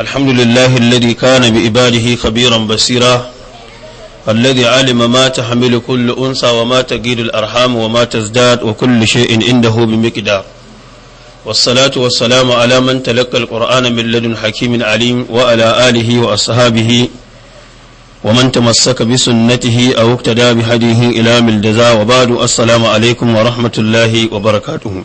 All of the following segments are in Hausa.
الحمد لله الذي كان بإباده خبيرا بصيرا الذي علم ما تحمل كل أنثى وما تجيد الأرحام وما تزداد وكل شيء عنده بمقدار والصلاة والسلام على من تلقى القرآن من لدن حكيم عليم وعلى آله وأصحابه ومن تمسك بسنته أو اقتدى بهديه إلى ملدزا وبعد السلام عليكم ورحمة الله وبركاته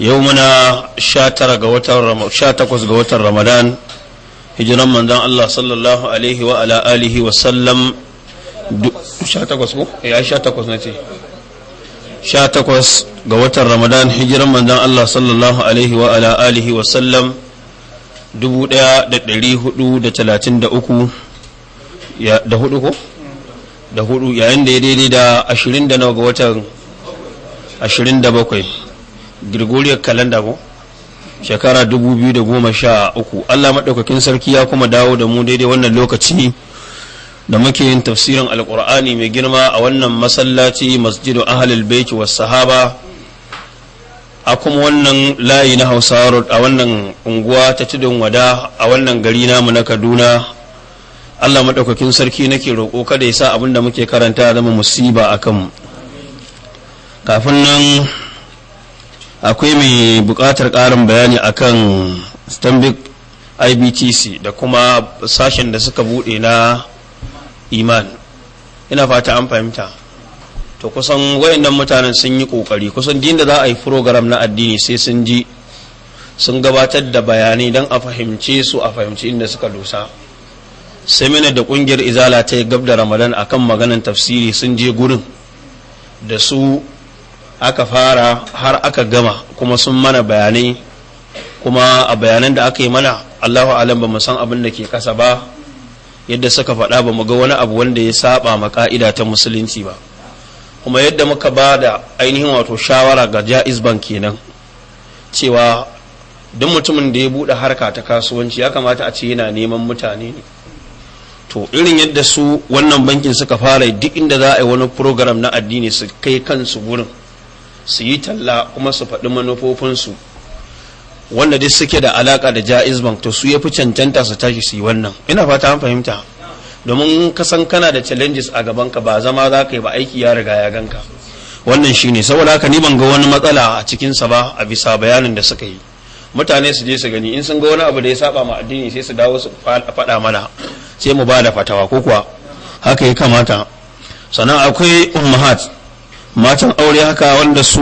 yau muna sha tara ga watan sha takwas ga watan ramadan hijiran manzon Allah sallallahu alaihi wa ala alihi wa sallam sha takwas ko ya eh, sha takwas na ce sha takwas ga watan ramadan hijiran manzon Allah sallallahu alaihi wa ala alihi wa sallam dubu daya da hudu da talatin da uku da ko da hudu yayin da ya daidai da ashirin da nawa ga watan ashirin da bakwai Gregorian calendar ko shekara 2013 Allah maɗaukakin sarki ya kuma dawo da mu daidai wannan lokaci da muke yin tafsirin alkur'ani mai girma a wannan masallaci masjidu ahlul baiti was sahaba a kuma wannan layi na hausa road a wannan unguwa ta tudun wada a wannan gari namu na kaduna Allah maɗaukakin sarki nake roƙo kada ya sa abin da muke karanta zama musiba a kanmu kafin nan akwai mai bukatar karin bayani akan stanbic ibtc da kuma sashen da suka buɗe na iman ina fata an fahimta to kusan wayannan mutanen sun yi ƙoƙari kusan din da za a yi program na addini sai sun ji sun gabatar da bayanai don a fahimce su a fahimci inda suka dosa semina da ƙungiyar izala ta yi gab da ramadan akan maganan tafsiri sun je gurin da su aka fara har aka gama kuma sun mana bayanai kuma a bayanan da aka yi mana allahu alam ba san abin da ke kasa ba yadda suka faɗa ba mu ga wani abu wanda ya saba ma ka'ida ta musulunci ba kuma yadda muka ba da ainihin wato shawara ga jaiz bank kenan cewa duk mutumin da ya buɗe harka ta kasuwanci ya kamata a ce yana neman mutane ne to irin yadda su wannan bankin suka fara duk inda za a yi wani program na addini su kai kansu gurin su yi talla kuma su faɗi manufofinsu wanda duk suke da alaka da jaiz bank to su ya fi cancanta su tashi su yi wannan ina fata an fahimta domin kasan kana da challenges a gaban ka ba zama za ka yi ba aiki ya riga ya ganka wannan shine saboda haka ni ban ga wani matsala a cikin sa ba a bisa bayanin da suka yi mutane su je su gani in sun ga wani abu da ya saba ma addini sai su dawo su faɗa mana sai mu ba da fatawa ko kuwa haka ya kamata sannan akwai ummahat matan aure haka wanda su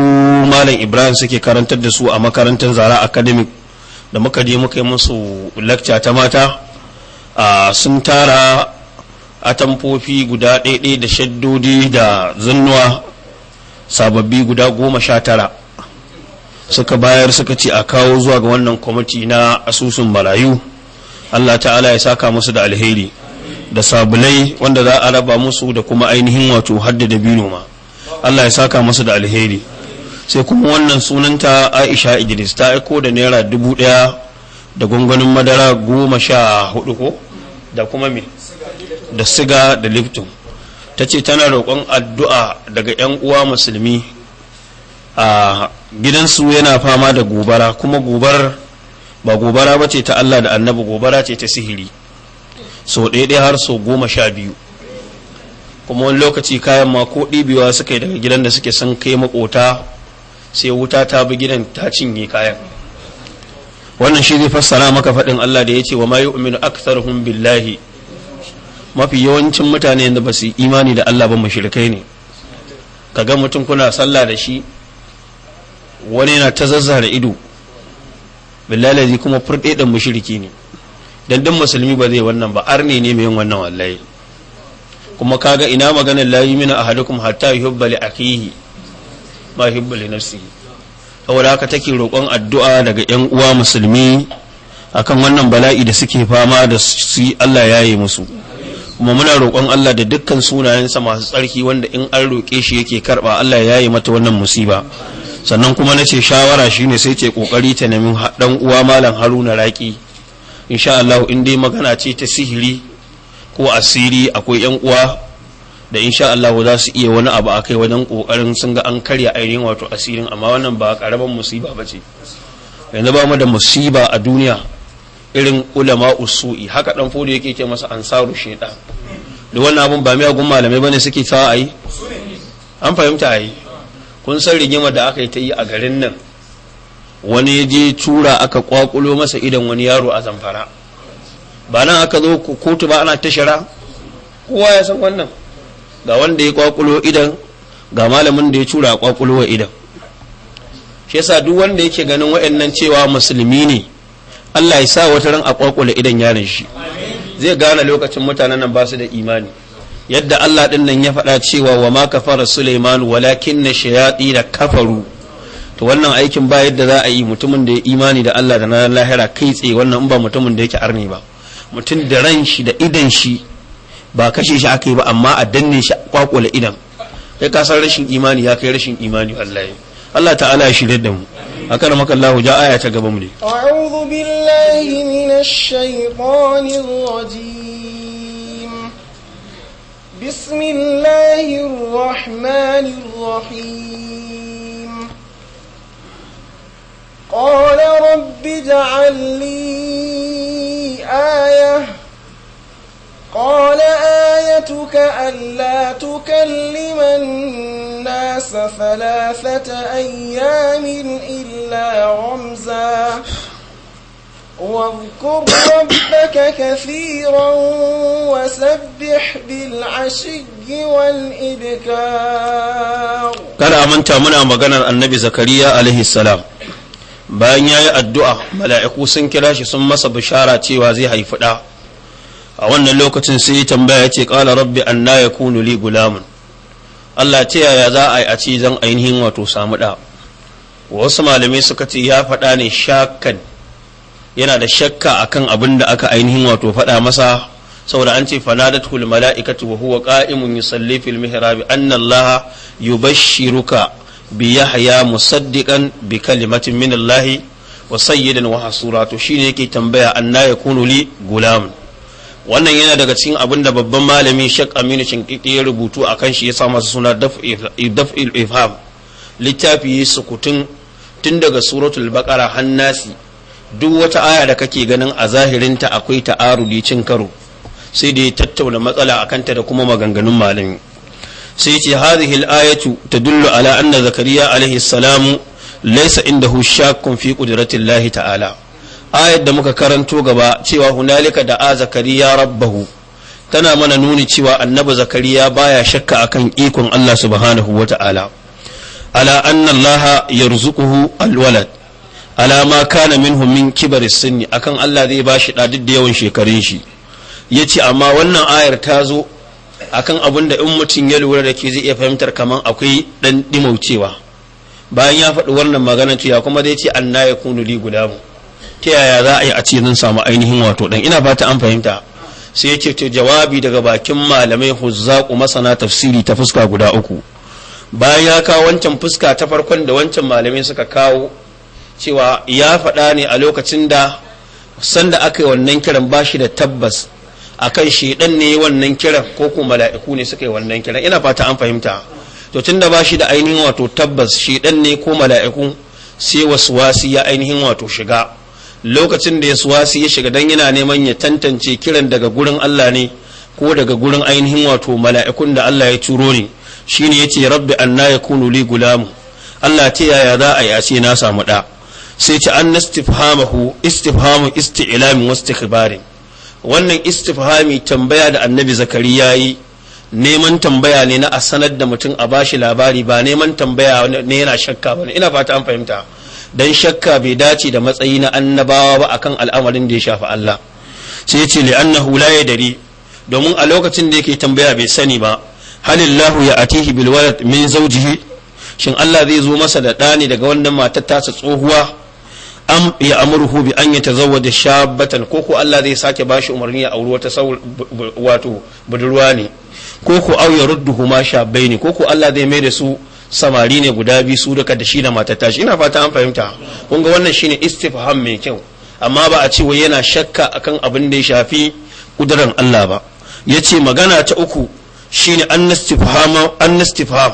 malam ibrahim suke karantar da su a makarantar zara academic da muka je muka yi musu lakca ta mata sun tara atamfofi guda ɗaiɗai da shaddodi da zannuwa sababbi guda goma sha tara suka bayar suka ce a kawo zuwa ga wannan kwamiti na asusun marayu allah ta'ala ya saka musu da alheri da sabulai wanda za a raba musu da kuma ainihin wato hadda da ma Allah ya saka masa da alheri sai kuma wannan sunanta Aisha Idris ta aiko da naira dubu ɗaya da gwangwanin madara goma sha hudu ko da kuma me da siga da lifton ta ce tana roƙon addu'a daga 'yan uwa musulmi a gidansu yana fama da gobara kuma gobar ba gobara ba ce ta Allah da annabi gobara ce ta sihiri so ɗaya har so goma sha biyu kuma wani lokaci kayan ma ko ɗibewa suka yi daga gidan da suke san kai makota sai wuta ta bi gidan ta cinye kayan wannan shi zai fassara maka faɗin Allah da ya ce wa ma yu'minu aktharuhum billahi mafi yawancin mutane da ba su imani da Allah ba mushrikai ne kaga mutum kuna sallah da shi wani yana ta zazzara ido billahi kuma furɗe dan mushriki ne don dan musulmi ba zai wannan ba arne ne mai yin wannan wallahi kuma kaga ina maganar mina a ahadukum hatta yuhibba li akihi ma yuhibbu li nafsihi saboda haka take roƙon addu'a daga 'yan uwa musulmi akan wannan bala'i da suke fama da su Allah ya yi musu kuma muna roƙon Allah da dukkan sunayensa masu tsarki wanda in an roƙe shi yake karɓa Allah ya yi mata wannan musiba sannan kuma na ce shawara shine sai ce ƙoƙari ta nemi ɗan uwa malam Haruna Raki insha Allah in dai magana ce ta sihiri ko asiri akwai yan uwa da insha Allah za su iya wani abu akai wajen kokarin sun ga an karya ainihin wato asirin amma wannan ba karaban musiba bace yanzu ba mu da musiba a duniya irin ulama usu'i haka dan fodo yake ke masa ansaru sheda da wannan abun ba miyagun malamai bane suke ta ayi an fahimta ayi kun san rigima da aka yi ta yi a garin nan wani ya je tura aka kwakulo masa idan wani yaro a zamfara ba nan aka zo ku kotu ba ana tashara shara kowa ya san wannan ga wanda ya kwakulo idan ga malamin da ya cura kwakulo wa idan shi yasa duk wanda yake ganin wa'annan cewa musulmi ne Allah ya sa wata ran a kwakula idan yaron shi zai gane lokacin mutanen nan ba su da imani yadda Allah din nan ya faɗa cewa wa ma kafara Sulaiman walakin na shayati da kafaru to wannan aikin ba yadda za a yi mutumin da ya imani da Allah da na lahira kai tsaye wannan in ba mutumin da yake arni ba mutum da ran shi da idan shi ba kashe shi aka yi ba amma a danne shi kwakwale idan sai ka rashin imani ya kai rashin imani Allah ya Allah ta'ala ya shirye da mu akan maka Allah ja aya ta gaba mu ne a'udhu billahi minash rajim bismillahir rahmanir rahim قال رب اجعل لي آية قال آيتك ألا تكلم الناس ثلاثة أيام إلا رمزا واذكر ربك كثيرا وسبح بالعشي والإبكار قال أمنت منا مغنى النبي زكريا عليه السلام bayan ya yi addu'a mala'iku sun kira shi sun masa bishara cewa zai haifi ɗa a wannan lokacin sai yi tambaya ce ƙala rabbi an na ya kunu li gulamun allah ta yaya za a yi a ce zan ainihin wato samu ɗa wasu malamai suka ce ya faɗa ne shakan yana da shakka akan abin da aka ainihin wato faɗa masa saboda an ce fanadat kul mala'ikatu wa huwa qa'imun yusalli fil mihrab anna yubashshiruka bi yahya musaddiqan bi kalimatin min wa sayyidan wa hasura to shine yake tambaya anna yakunu li gulam wannan yana daga cikin abin da babban malami shak Aminu shinkiki ya rubutu akan shi ya sa masa suna daf'il ifham littafi sukutun tun daga suratul baqara hannasi duk wata aya da kake ganin a zahirinta akwai ta'arudi cin karo sai da ya tattauna matsala akanta da kuma maganganun malami sai ce hadhihi al-ayatu tadullu ala anna zakariya alaihi salamu laysa indahu shakkun fi qudratillahi ta'ala ayat da muka karanto gaba cewa hunalika da a zakariya rabbahu tana mana nuni cewa annabi zakariya baya shakka akan ikon Allah subhanahu wata'ala ala anna Allah yarzuquhu alwalad ala ma kana minhu min kibar sinni akan Allah zai bashi da duk da yawan shekarun shi yace amma wannan ayar ta zo akan abun da in mutum ya lura da ke zai iya fahimtar kamar akwai dan dimaucewa bayan ya faɗi wannan maganar cewa kuma zai ce anna ya kunu li gulamu ta yaya za a yi a ce samu ainihin wato dan ina fata an fahimta sai yake ce jawabi daga bakin malamai huzzaku masana tafsiri ta fuska guda uku bayan ya kawo wancan fuska ta farkon da wancan malamai suka kawo cewa ya faɗa ne a lokacin da sanda aka yi wannan kiran bashi da tabbas a shi shedan ne wannan kiran ko ko mala'iku ne suka yi wannan kiran ina fata an fahimta to tunda ba shi da ainihin wato tabbas shedan ne ko mala'iku sai waswasi ya ainihin wato shiga lokacin da ya suwasi ya shiga dan yana neman ya tantance kiran daga gurin Allah ne ko daga gurin ainihin wato mala'ikun da Allah ya turo ne shine yace rabbi anna yakunu li gulamu Allah ta yaya za a yace na samu da sai ta an istifhamu istifhamu isti'lamin wastikhbarin wannan istifhami tambaya da annabi zakari ya yi neman tambaya ne na a sanar da mutum a bashi labari ba neman tambaya ne yana shakka ba ina fata an fahimta dan shakka bai dace da matsayi na annabawa ba akan al'amarin da ya shafi Allah sai ce hula la yadri domin a lokacin da yake tambaya bai sani ba halillahu ya atihi bil walad min zawjihi shin Allah zai zo masa da ɗani daga wannan matar tasa tsohuwa am ya amurhu bi an da shabbatan ko ko Allah zai sake ba shi umarni ya auri wata wato budurwa ne ko ko aw yarudduhu ma ne ko ko Allah zai mai da su samari ne guda biyu su daga da shi da matar tashi ina fata an fahimta kun ga wannan shine istifham mai kyau amma ba a ce wai yana shakka akan abin da ya shafi kuduran Allah ba yace magana ta uku shine an istifham an istifham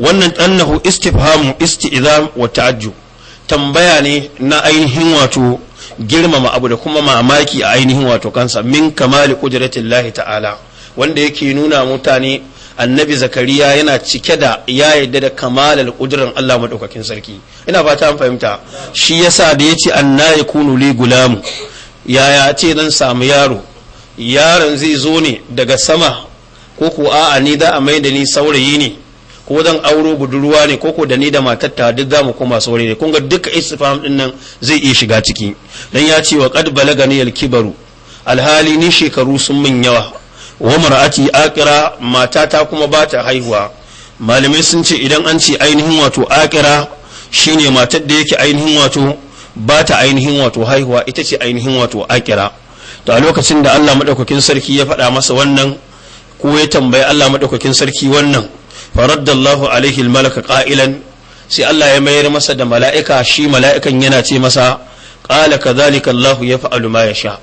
wannan annahu istifham istizam wa ta'ajjub tambaya ne na ainihin wato girmama abu da kuma mamaki a ainihin wato kansa min kamali lahi ta'ala wanda yake nuna mutane annabi zakariya yana cike da ya yadda da kamalar kudurin Allah maɗaukakin sarki ina fata an fahimta shi yasa da yace anna yakunu li gulamu yaya ce dan samu yaro yaron zai zo ne daga sama ko ko a'a ni da a mai da ni saurayi ne ko zan auro budurwa ne ko da ni da matatta duk zamu mu koma saurayi ne kun ga duka istifham din nan zai iya shiga ciki dan ya ce wa qad balagani al-kibaru alhali ni shekaru sun min yawa wa mar'ati akira matata kuma ba ta haihuwa malamai sun ce idan an ce ainihin wato akira shine matar da yake ainihin wato ba ta ainihin wato haihuwa ita ce ainihin wato akira to a lokacin da Allah madaukakin sarki ya faɗa masa wannan ko ya tambayi Allah madaukakin sarki wannan faraddallahu alaihi almalaka qa'ilan sai Allah ya mayar masa da mala'ika shi mala'ikan yana ce masa qala kadhalika Allahu yaf'alu ma sha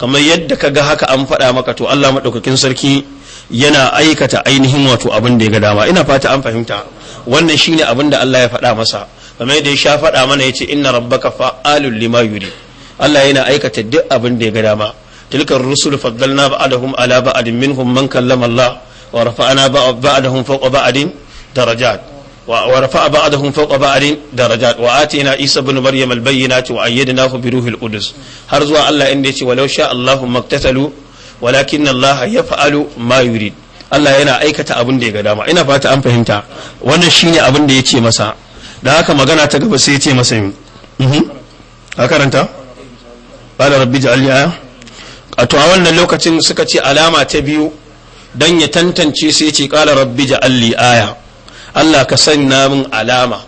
kamar yadda ka ga haka an faɗa maka to Allah madaukakin sarki yana aikata ainihin wato abin da ya ga dama ina fata an fahimta wannan shi ne abin da Allah ya faɗa masa kamar yadda ya sha faɗa mana yace inna rabbaka fa'alul lima yuri Allah yana aikata duk abin da ya ga dama tilkar rusul faddalna ba'adahum ala ba'adin minhum man kallama Allah ورفعنا بعدهم فوق بعد درجات ورفع بعضهم فوق بعض درجات واتينا عيسى بن مريم البينات وايدناه بروح القدس har zuwa Allah inda yace walau sha Allahu maktatalu walakin Allah yaf'alu ma yurid Allah yana aikata abin da ya ga dama ina fata an fahimta wannan shine abin da yace masa da haka magana ta gaba sai yace masa mi a karanta rabbi ja'alni aya to a wannan lokacin suka ce alama ta biyu don ya tantance sai ce kala rabbi alli aya Allah ka sanya min alama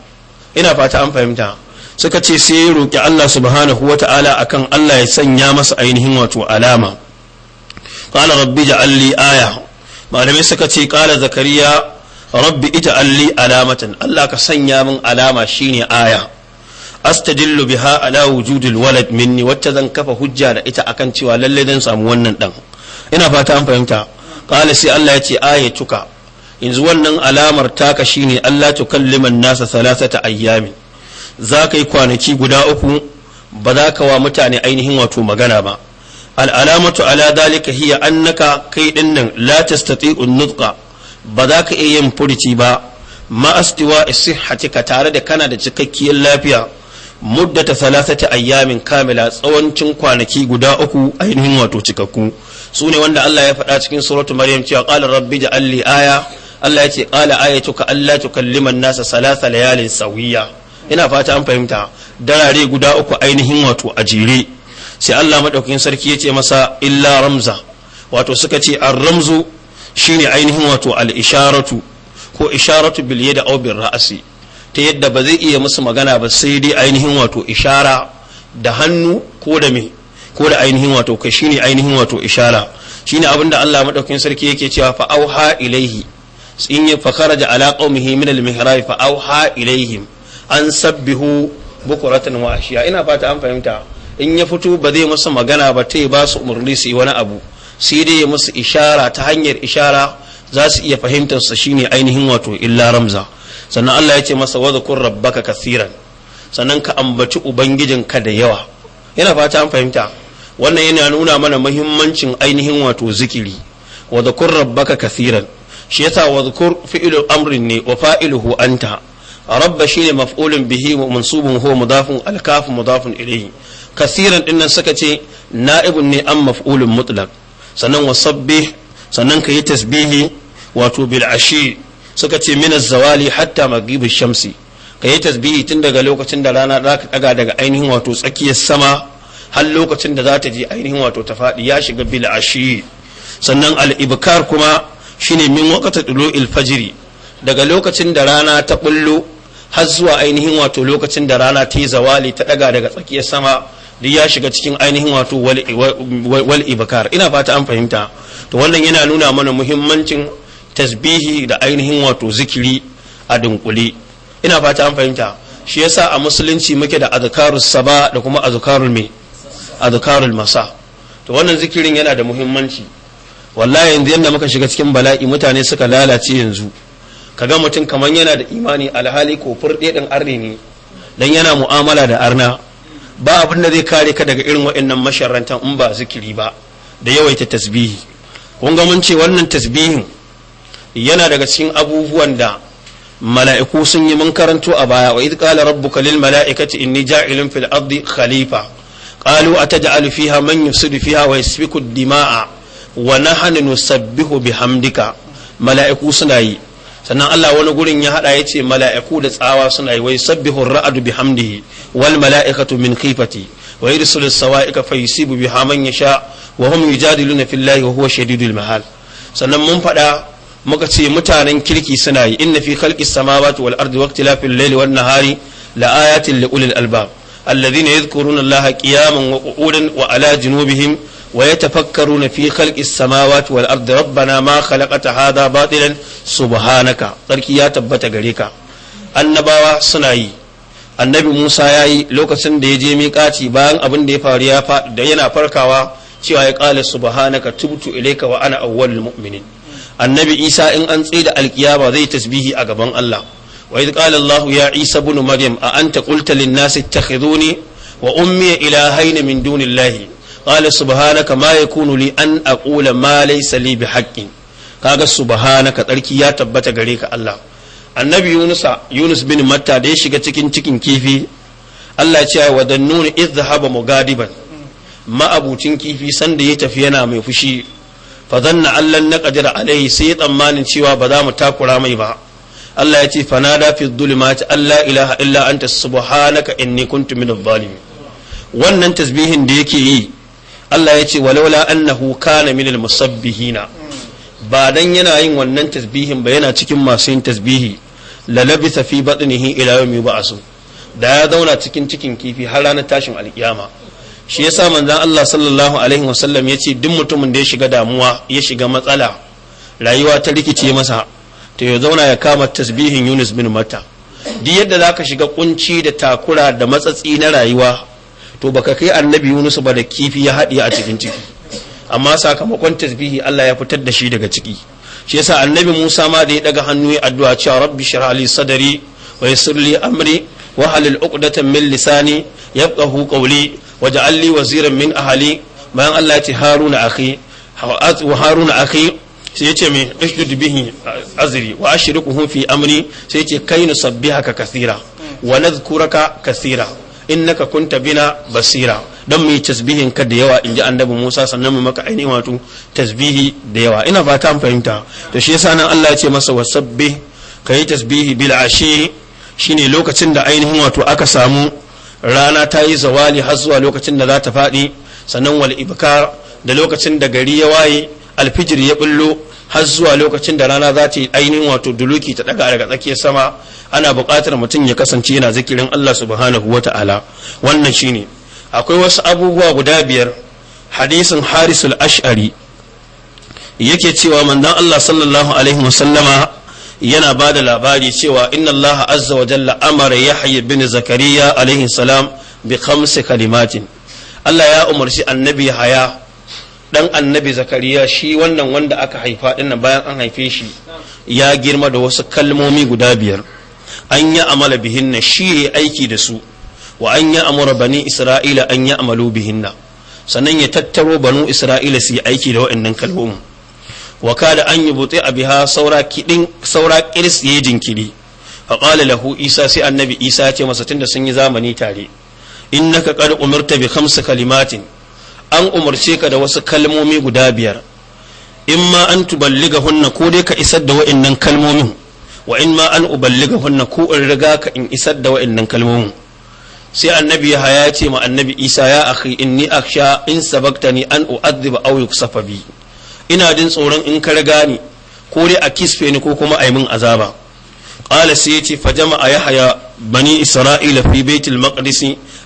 ina fata an fahimta suka ce sai ya roƙi Allah subhanahu wa ta'ala akan Allah ya sanya masa ainihin wato alama Kala rabbi alli aya malamai suka ce kala zakariya rabbi ita alli alamatan Allah ka sanya min alama shine aya astadillu biha ala wujudil walad minni wacce zan kafa hujja da ita akan cewa lalle zan samu wannan dan ina fata an fahimta qala sai Allah ya ce tuka yanzu wannan alamar taka shine Allah tukalliman nasa salasata ayyami za ka yi kwanaki guda uku ba za ka wa mutane ainihin wato magana ba al'alamatu ala dalika hiya annaka kai dinnan la tastati'u nutqa ba za ka iya yin furici ba ma astiwa sihhatika tare da kana da cikakkiyar lafiya muddata ta ayyamin kamila tsawancin kwanaki guda uku ainihin wato cikakku su ne wanda Allah ya faɗa cikin suratu maryam cewa qala rabbi ja'al li aya Allah ya ce qala ayatuka alla tukallima an-nasa salasa layalin sawiya ina fata an fahimta darare guda uku ainihin wato ajire jere sai Allah madaukakin sarki ya ce masa illa ramza wato suka ce ar-ramzu shine ainihin wato al-isharatu ko isharatu bil yadi aw bil ra'si ta yadda ba zai iya musu magana ba sai dai ainihin wato ishara da hannu ko da me ko da ainihin wato kai shine ainihin wato ishara shine abin da Allah madaukakin sarki yake cewa fa auha ilaihi in ya fa kharaja ala qaumihi min al mihrab fa auha ilaihim an sabbihu bukuratan wa ashiya ina fata an fahimta in ya fito ba zai musu magana ba ta ba su umarni su yi wani abu sai dai ya musu ishara ta hanyar ishara za su iya fahimtar sa shine ainihin wato illa ramza sannan Allah ya ce masa wa zakur rabbaka kasiran sannan ka ambaci ubangijinka da yawa yana fata an fahimta wannan yana nuna mana muhimmancin ainihin wato zikiri wa zakur rabbaka kathiran shi yasa wa zakur fi'lu amrin ne wa fa'iluhu anta rabba shine maf'ulun bihi wa mansubun huwa mudafun alkafu mudafun ilayhi kathiran din nan suka ce na'ibun ne an maf'ulun mutlaq sannan wa sabbih sannan kayi tasbihi wato bil ashi suka ce min zawali hatta maghibi shamsi kayi tasbihi tun daga lokacin da rana zaka ɗaga daga ainihin wato tsakiyar sama har lokacin da za ta je ainihin wato ta faɗi ya shiga bil ashi sannan al ibkar kuma shine min waqta dulu il fajiri daga lokacin da rana ta bullo har zuwa ainihin wato lokacin da rana ta yi zawali ta daga daga tsakiyar sama duk ya shiga cikin ainihin wato wal ibkar ina fata an fahimta to wannan yana nuna mana muhimmancin tasbihi da ainihin wato zikiri a dunkule ina fata an fahimta shi yasa a musulunci muke da azkarus saba da kuma azkarul mai adhkarul masa to wannan zikirin yana da muhimmanci wallahi yanzu yanda muka shiga cikin bala'i mutane suka lalace yanzu kaga mutum kaman yana da imani alhali ko furɗe ɗin arne ne dan yana mu'amala da arna ba abin da zai kare ka daga irin waɗannan masharrantan in ba zikiri ba da yawaita tasbihi kun ga mun ce wannan tasbihin yana daga cikin abubuwan da mala'iku sun yi mun karanto a baya wa idh qala rabbuka lil mala'ikati inni ja'ilun fil ardi khalifa قالوا أتجعل فيها من يفسد فيها ويسفك الدماء ونحن نسبح بحمدك ملائكة سنعي sannan Allah wani gurin ya hada yace mala'iku da tsawa suna yi wai sabbihu ra'adu bihamdihi wal mala'ikatu min khifati wa yursilu sawaika fa biha man yasha wa hum yujadiluna fillahi wa huwa shadidul mahal sannan mun fada muka ce mutanen kirki suna yi inna fi khalqis samawati wal ardi waqtilafil layli wan nahari la ayatin li ulil albab alladhina yadhkuruna allaha qiyaman wa qu'udan wa ala junubihim wa yatafakkaruna fi khalqis samawati wal ardi rabbana ma khalaqta hadha batilan subhanaka sarki ya tabbata gare ka annabawa suna yi annabi Musa ya yi lokacin da ya je miƙaci bayan abin da ya faru ya da yana farkawa cewa ya ƙala subhanaka tubtu ilaika wa'ana ana awwalul mu'minin annabi Isa in an tsaye da alkiyama zai tasbihi a gaban Allah wa idh ya Isa ibn Maryam a anta qulta lin nasi ittakhiduni wa ummiya ilahayn min dunillahi qala subhanaka ma yakunu li an aqula ma laysa li bihaqqin kaga subhanaka tsarki ya tabbatar gare ka Allah annabi yunusa Yunus bin Matta da shiga cikin cikin kifi Allah ya ce wa dannuni idhhaba ban ma'abucin kifi sanda ya tafi yana mai fushi fa zanna allan na qadira alaihi sai tsammanin cewa ba za mu takura mai ba Allah ya ce fanada fi dhulumati Allah ilaha illa anta subhanaka inni kuntu minadh zalimin wannan tasbihin da yake yi Allah ya ce walaula annahu kana al musabbihina ba dan yana yin wannan tasbihin ba yana cikin masu yin tasbihi la labisa fi batnihi ila a su da ya zauna cikin cikin kifi har ranar tashin alkiyama shi yasa manzon Allah sallallahu alaihi wasallam yace duk mutumin da ya shiga damuwa ya shiga matsala rayuwa ta rikice masa to ya zauna ya kama tasbihin Yunus bin Matta duk yadda ka shiga kunci da takura da matsatsi na rayuwa to baka kai annabi Yunus ba da kifi ya haɗe a cikin ciki amma sakamakon tasbihi Allah ya fitar da shi daga ciki shi yasa annabi Musa ma da ya daga hannu ya addu'a cewa rabbi shrah li sadri wa yassir amri wa halil uqdatan min lisani yafqahu qawli waj'al li waziran min ahli bayan Allah ya ce Haruna akhi wa Haruna akhi sai yace me ishdud bihi azri wa ashriquhu fi amri sai yace kai nusabbihaka kathira wa nadhkuraka kathira innaka kunta bina basira don mu yi tasbihin ka da yawa inji annabi Musa sannan mu maka ainihin wato tasbihi da yawa ina fata an fahimta to shi yasa nan Allah ya ce masa wasabbi kai tasbihi bil ashi shine lokacin da ainihin wato aka samu rana ta yi zawali har zuwa lokacin da za ta faɗi sannan wal ibkar da lokacin da gari ya waye alfijir ya bullo har zuwa lokacin da rana za ta yi ainihin wato duluki ta daga daga tsakiyar sama ana buƙatar mutum ya kasance yana zikirin Allah subhanahu wa ta'ala wannan shine akwai wasu abubuwa guda biyar hadisin harisul ash'ari yake cewa manzon Allah sallallahu alaihi wa sallama yana ba da labari cewa inna Allah azza wa jalla amara yahya bin zakariya alaihi salam bi khamsi kalimatin Allah ya umarci annabi haya dan annabi zakariya shi wannan wanda aka haifa dinnan bayan an haife shi ya girma da wasu kalmomi guda biyar an yi amala bihinna shi ya yi aiki da su wa an yi amura bani isra'ila an yi amalu bihinna sannan ya tattaro banu isra'ila su yi aiki da wa'annan kalmomi. wa da an yi bute a biha saura kidin saura kiris ya jinkiri fa qala lahu isa sai annabi isa ya ce masa da sun yi zamani tare innaka qad umirta bi khamsi kalimatin an umarce ka da wasu kalmomi guda biyar in ma an tuballiga hunna ko dai ka isar da wa'annan kalmomin wa in ma an uballiga hunna ko in riga ka in isar da wa'annan kalmomin sai annabi ya haya ce ma annabi isa ya akhi inni aksha in sabaqtani an u'adhiba aw yuksafa bi ina jin tsoron in ka riga ni ko dai a kisfe ni ko kuma a yi min azaba qala sai yace fa jama'a haya bani isra'ila fi baitul maqdis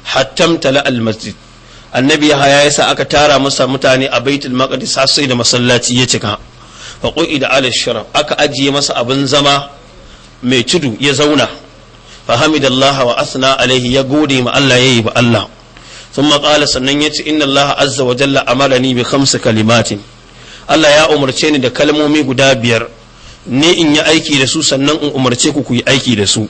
hatta tala al masjid annabi ya haya yasa aka tara masa mutane a baitul maqdis har sai da masallaci ya cika fa qu'ida ala sharaf aka ajiye masa abin zama mai tudu ya zauna fa hamidallah wa asna alaihi ya gode ma Allah yayi ba Allah thumma qala sannan yace inna Allah azza wa jalla amarani bi khamsi kalimatin Allah ya umarce ni da kalmomi guda biyar ne in yi aiki da su sannan in umarce ku ku yi aiki da su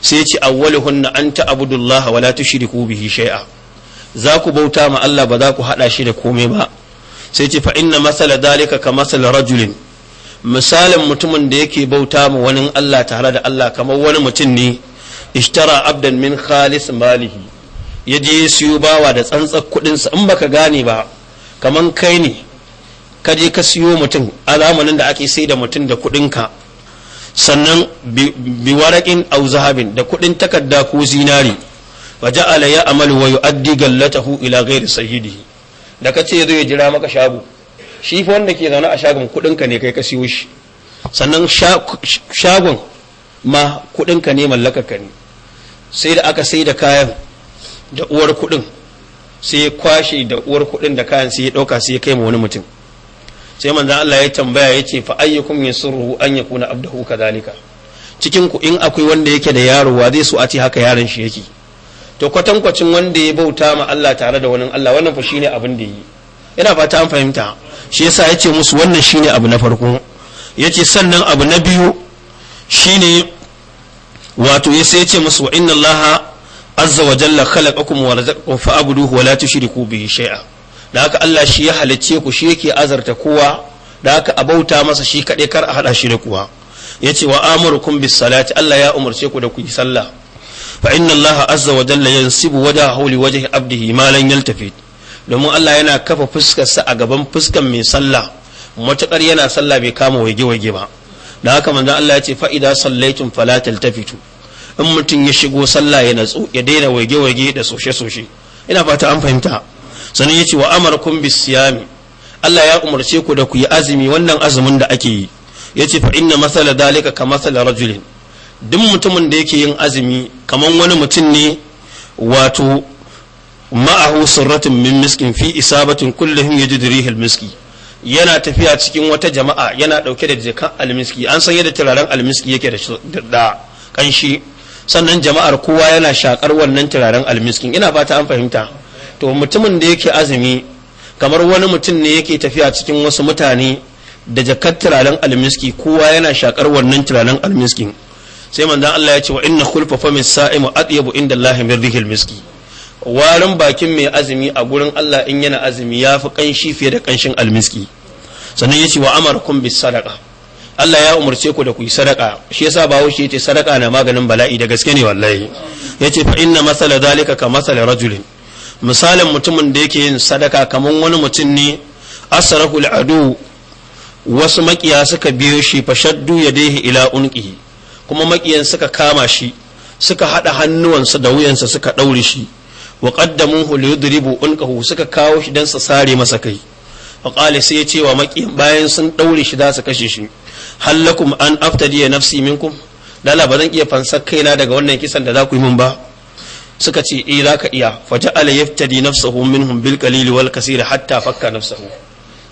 sai ce awwaluhunna anta abudullah wa la tushriku bihi shay'a za ku bauta ma Allah ba za ku haɗa shi da komai ba sai ce fa inna masala dalika ka masala rajulin misalin mutumin da yake bauta ma wani Allah tare da Allah kamar wani mutum ne ishtara abdan min khalis malihi ya je siyo bawa da tsantsar kuɗinsa in baka gane ba kamar kai ne ka je ka siyo mutum a zamanin da ake sai da mutum da kuɗinka sannan biwarakin auzahabin da kuɗin takarda ko zinari fa ja'ala ya amalu wa yu'addi gallatahu ila ghairi sayyidihi da kace zai jira maka shago shi fa wanda ke zaune a shagon kudin ne kai ka siyo shi sannan shagon ma kudin ne mallakar ka ne sai da aka sai da kayan da uwar kudin sai ya kwashe da uwar kudin da kayan sai ya dauka sai ya kai ma wani mutum sai manzan Allah ya tambaya ya ce fa ayyukum ruhu an yakuna abdahu kadhalika cikin ku in akwai wanda yake da yaro wa zai so a ce haka yaron shi yake to kwatankwacin wanda ya bauta ma Allah tare da wani Allah wannan fa shine abin da yi ina fata an fahimta shi yasa ce musu wannan shine abu na farko yace sannan abu na biyu shine wato yasa yace musu wa inna Allah azza wa jalla khalaqakum wa razaqakum fa'buduhu wa la tushriku bihi shay'a da haka Allah shi ya halicce ku shi yake azarta kowa da haka a bauta masa shi kaɗai kar a haɗa shi da kuwa yace wa amurukum bis salati Allah ya umarce ku da ku yi sallah fa a aza azza wa jalla yansibu wajahu li wajhi abdihi yaltafit domin Allah yana kafa fuskarsa a gaban fuskan mai sallah matuƙar yana sallah bai kama wage wage ba da haka manzon Allah ya ce fa idza sallaitum fala taltafitu in mutum ya shigo sallah ya natsu ya daina wage wage da soshe soshe ina fata an fahimta sannan ya ce wa amarakum bis siyami Allah ya umarce ku da ku yi azumi wannan azumin da ake yi yace fa inna masala dalika ka masala rajulin duk mutumin da yake yin azumi kamar wani mutum ne wato ma'ahu surratin min miskin fi isabatin kullum ya rihil miski yana tafiya cikin wata jama'a yana dauke da jakan almiski an san yadda turaren almiski yake da kanshi sannan jama'ar kowa yana shakar wannan turaren almiskin ina fata an fahimta to mutumin da yake azumi kamar wani mutum ne yake tafiya cikin wasu mutane da jakar turaren almiski kowa yana shakar wannan turaren almiskin sai manzon Allah ya ce wa inna khulfa famin sa'imu atyabu inda Allah min rihil miski warin bakin mai azumi a gurin Allah in yana azumi ya fi kanshi fiye da kanshin almiski sannan ya ce wa amarkum bis sadaqa Allah ya umarce ku da ku yi sadaka shi yasa ba wuce yace sadaka na maganin bala'i da gaske ne wallahi yace fa inna masala zalika ka masala rajulin misalin mutumin da yake yin sadaka kamar wani mutum ne asarahu al'adu wasu makiya suka biyo shi fashaddu ya dehi ila unqihi kuma makiyan suka kama shi suka haɗa hannuwansa da wuyansa suka ɗaure shi wa qaddamuhu li yudribu unqahu suka kawo shi dan sa sare masa kai fa qala sai ya ce wa makiyan bayan sun ɗaure shi za su kashe shi hallakum an ya nafsi minkum lala ba zan iya fansar kaina daga wannan kisan da za ku yi min ba suka ce eh za ka iya faja ala yaftadi nafsahu minhum bil qalil wal kasir hatta fakka nafsahu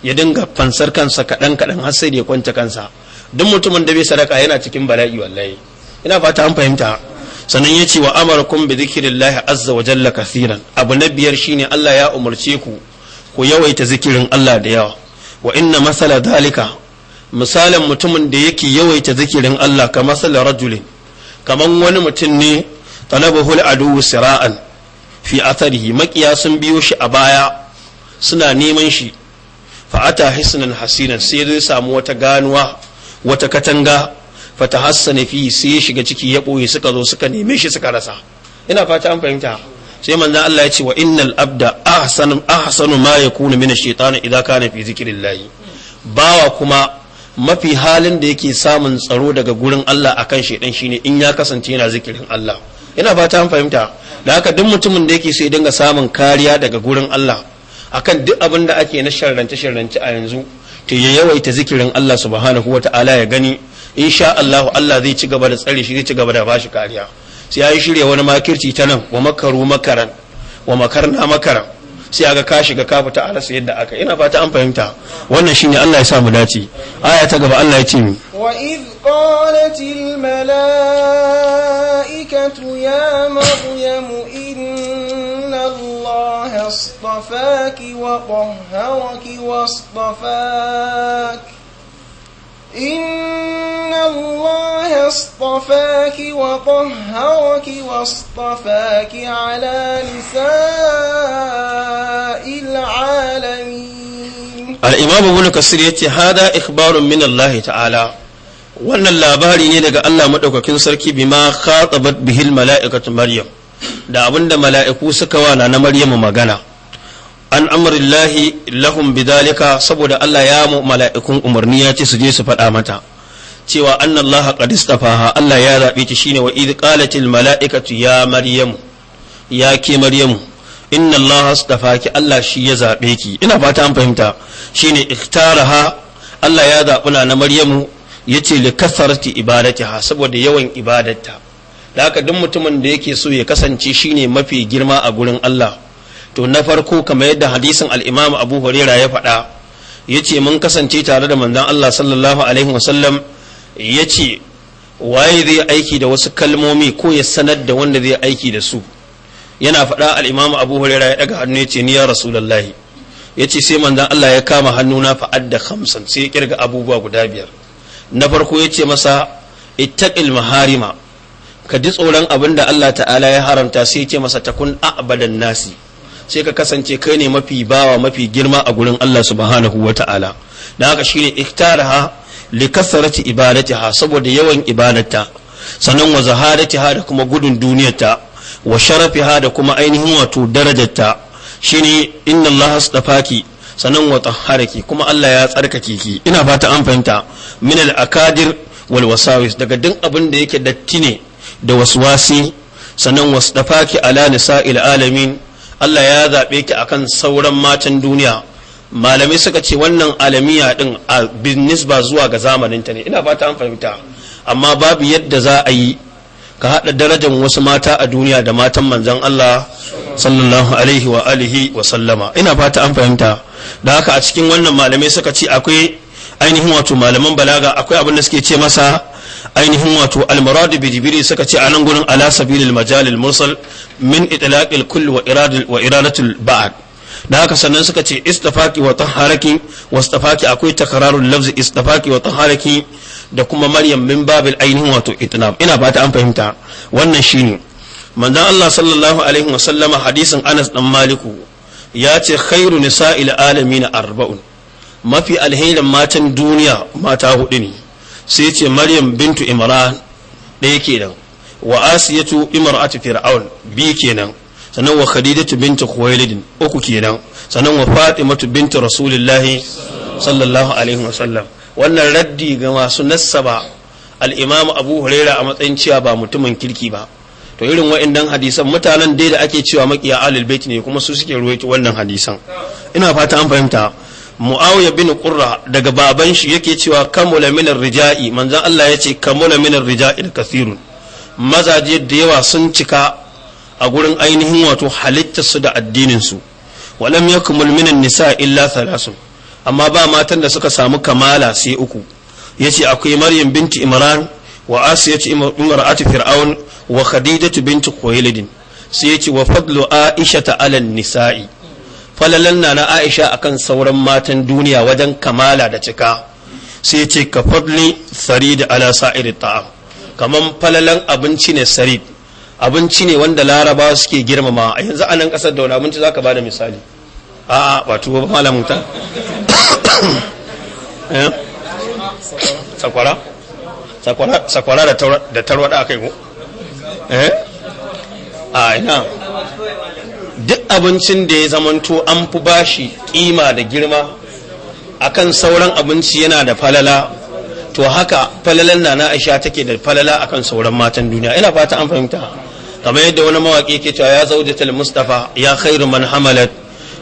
ya dinga fansar kansa kaɗan kadan har sai da ya kwanta kansa duk mutumin da bai sadaka yana cikin bala'i wallahi ina fata an fahimta sannan ya ce wa amarkum bi zikrillahi azza wa jalla kathiran abu na biyar shine Allah ya umarce ku ku yawaita zikirin Allah da yawa wa inna masala dalika misalin mutumin da yake yawaita zikirin Allah ka masala rajulin kaman wani mutum ne talabahu al'adu sira'an fi atharihi makiya sun biyo shi a baya suna neman shi fa fa'ata hisnan hasinan sai zai samu wata ganuwa wata katanga fata hassana fi sai ya shiga ciki ya ɓoye suka zo suka neme shi suka rasa ina fata an fahimta sai manzo Allah ya ce wa innal abda ahsanu ahsanu ma yakunu min ash-shaytan idza kana fi zikrillah bawa kuma mafi halin da yake samun tsaro daga gurin Allah akan shaidan shine in ya kasance yana zikirin Allah ina fata an fahimta da haka duk mutumin da yake so ya dinga samun kariya daga gurin Allah akan duk abin da ake na sharrance sharrance a yanzu to ya yawaita zikirin Allah subhanahu wa ta'ala ya gani insha Allah Allah zai ci gaba da tsare shi zai ci gaba da bashi kariya sai yi shirya wani makirci ta nan wa makaru makaran wa makarna makaran sai aga ka shiga ka fita ala su yadda aka ina fata an fahimta wannan shine Allah ya sa mu dace aya ta gaba Allah ya ce mi wa id qalatil malaikatu ya maryam inna واصطفاك وطهرك واصطفاك إن الله اصطفاك وطهرك واصطفاك على نساء العالمين الإمام ابن كثير يتي هذا إخبار من الله تعالى wannan labari ne daga Allah maɗaukakin sarki بما خاطبت به الملائكة مريم da abinda mala'iku suka wana na maryamu magana an amrillahi lahum bidalika saboda Allah ya mu mala'ikun umarni ya ce su je su faɗa mata cewa annallaha qad istafaha Allah ya zaɓe ta shine wa id qalatil mala'ikatu ya maryamu ya ke maryamu inna Allah ki Allah shi ya zaɓe ki ina fata an fahimta shine iktaraha Allah ya zaɓi na maryamu yace li kasarati saboda yawan ibadarta da haka duk mutumin da yake so ya kasance shine mafi girma a gurin Allah to na farko kamar yadda hadisin al-Imam Abu Huraira ya faɗa yace mun kasance tare da manzon Allah sallallahu alaihi wasallam yace waye zai aiki da wasu kalmomi ko ya sanar da wanda zai aiki da su yana faɗa al-Imam Abu Huraira ya daga hannu yace ni ya Rasulullahi yace sai manzon Allah ya kama hannuna fa'adda khamsan sai ya kirga abubuwa guda biyar na farko yace masa ittaqil maharima ka ji tsoron abin da Allah ta'ala ya haramta sai ce masa kun a'badan nasi sai ka kasance kai ne mafi bawa mafi girma a gurin Allah subhanahu wa ta'ala da haka shine iktaraha li kasarati ibadatiha saboda yawan ibadata sannan wa zaharatiha da kuma gudun duniyarta wa sharafiha da kuma ainihin wato darajarta shine inna Allah astafaki sannan wa tahharaki kuma Allah ya tsarkake ki ina fata an fahimta min al akadir wal wasawis daga duk abin da yake datti ne da waswasi sannan ki ala nisa'il alamin Allah ya zaɓe ki akan sauran matan duniya malamai suka ce wannan alamiya din a business ba zuwa ga zamaninta ne ina fata an fahimta amma babu yadda za a yi ka haɗa darajar wasu mata a duniya da matan manzan Allah sallallahu alaihi wa alihi wa sallama ina fata an fahimta da haka a cikin wannan malamai suka ce akwai ainihin wato malaman balaga akwai abin da suke ce masa ainihin wato almaradu bi jibiri suka ce a nan gurin ala sabilil majalil mursal min itlaqil kull wa iradil wa iradatul ba'd da haka sannan suka ce istafaki wa taharaki wastafaki akwai takrarul lafzi istafaki wa taharaki da kuma maryam min babil ainihin wato itnab ina fata an fahimta wannan shine manzon Allah sallallahu alaihi wa sallama hadisin Anas dan Maliku ya ce khairu nisa'il alamin arba'un mafi alherin matan duniya mata hudu ne sai ce maryam bintu imran ɗaya kenan wa asiyatu imra'atu fir'aun bi kenan sannan wa khadijatu bintu khuwailid uku kenan sannan wa fatimatu bintu rasulillahi sallallahu alaihi wasallam wannan raddi ga masu nassaba al abu huraira a matsayin cewa ba mutumin kirki ba to irin wa'annan hadisan mutanen dai da ake cewa makiya alil bait ne kuma su suke ruwaito wannan hadisan ina fata an fahimta muawiya bin qurra daga baban shi yake cewa kamula min rijai manzon Allah yace kamula min rijai kathirun mazaje da yawa sun cika a gurin ainihin wato halitta su da addinin su walam yakmul min nisa illa thalathun amma ba matan da suka samu kamala sai uku yace akwai maryam binti imran wa asiyatu ati fir'aun wa khadijatu binti khuwaylid sai yace wa fadlu aisha ta alan nisa'i falalan na na aisha akan sauran matan duniya wajen kamala da cika sai ce ka fadli sarid ala sa'ir ta'am kaman falalan abinci ne sarid abinci ne wanda laraba suke girmama a yanzu a nan kasar da wani abinci zaka bada misali a ba wato ba malamin ta eh? sakwara sakwara da tarwada akai ko eh a ina duk abincin da ya zamanto an fi bashi kima da girma akan sauran abinci yana da falala to haka falalan na na aisha take da falala akan sauran matan duniya ina fata an fahimta kamar yadda wani mawaƙi ke cewa ya zaujatal mustafa ya khairu man hamalat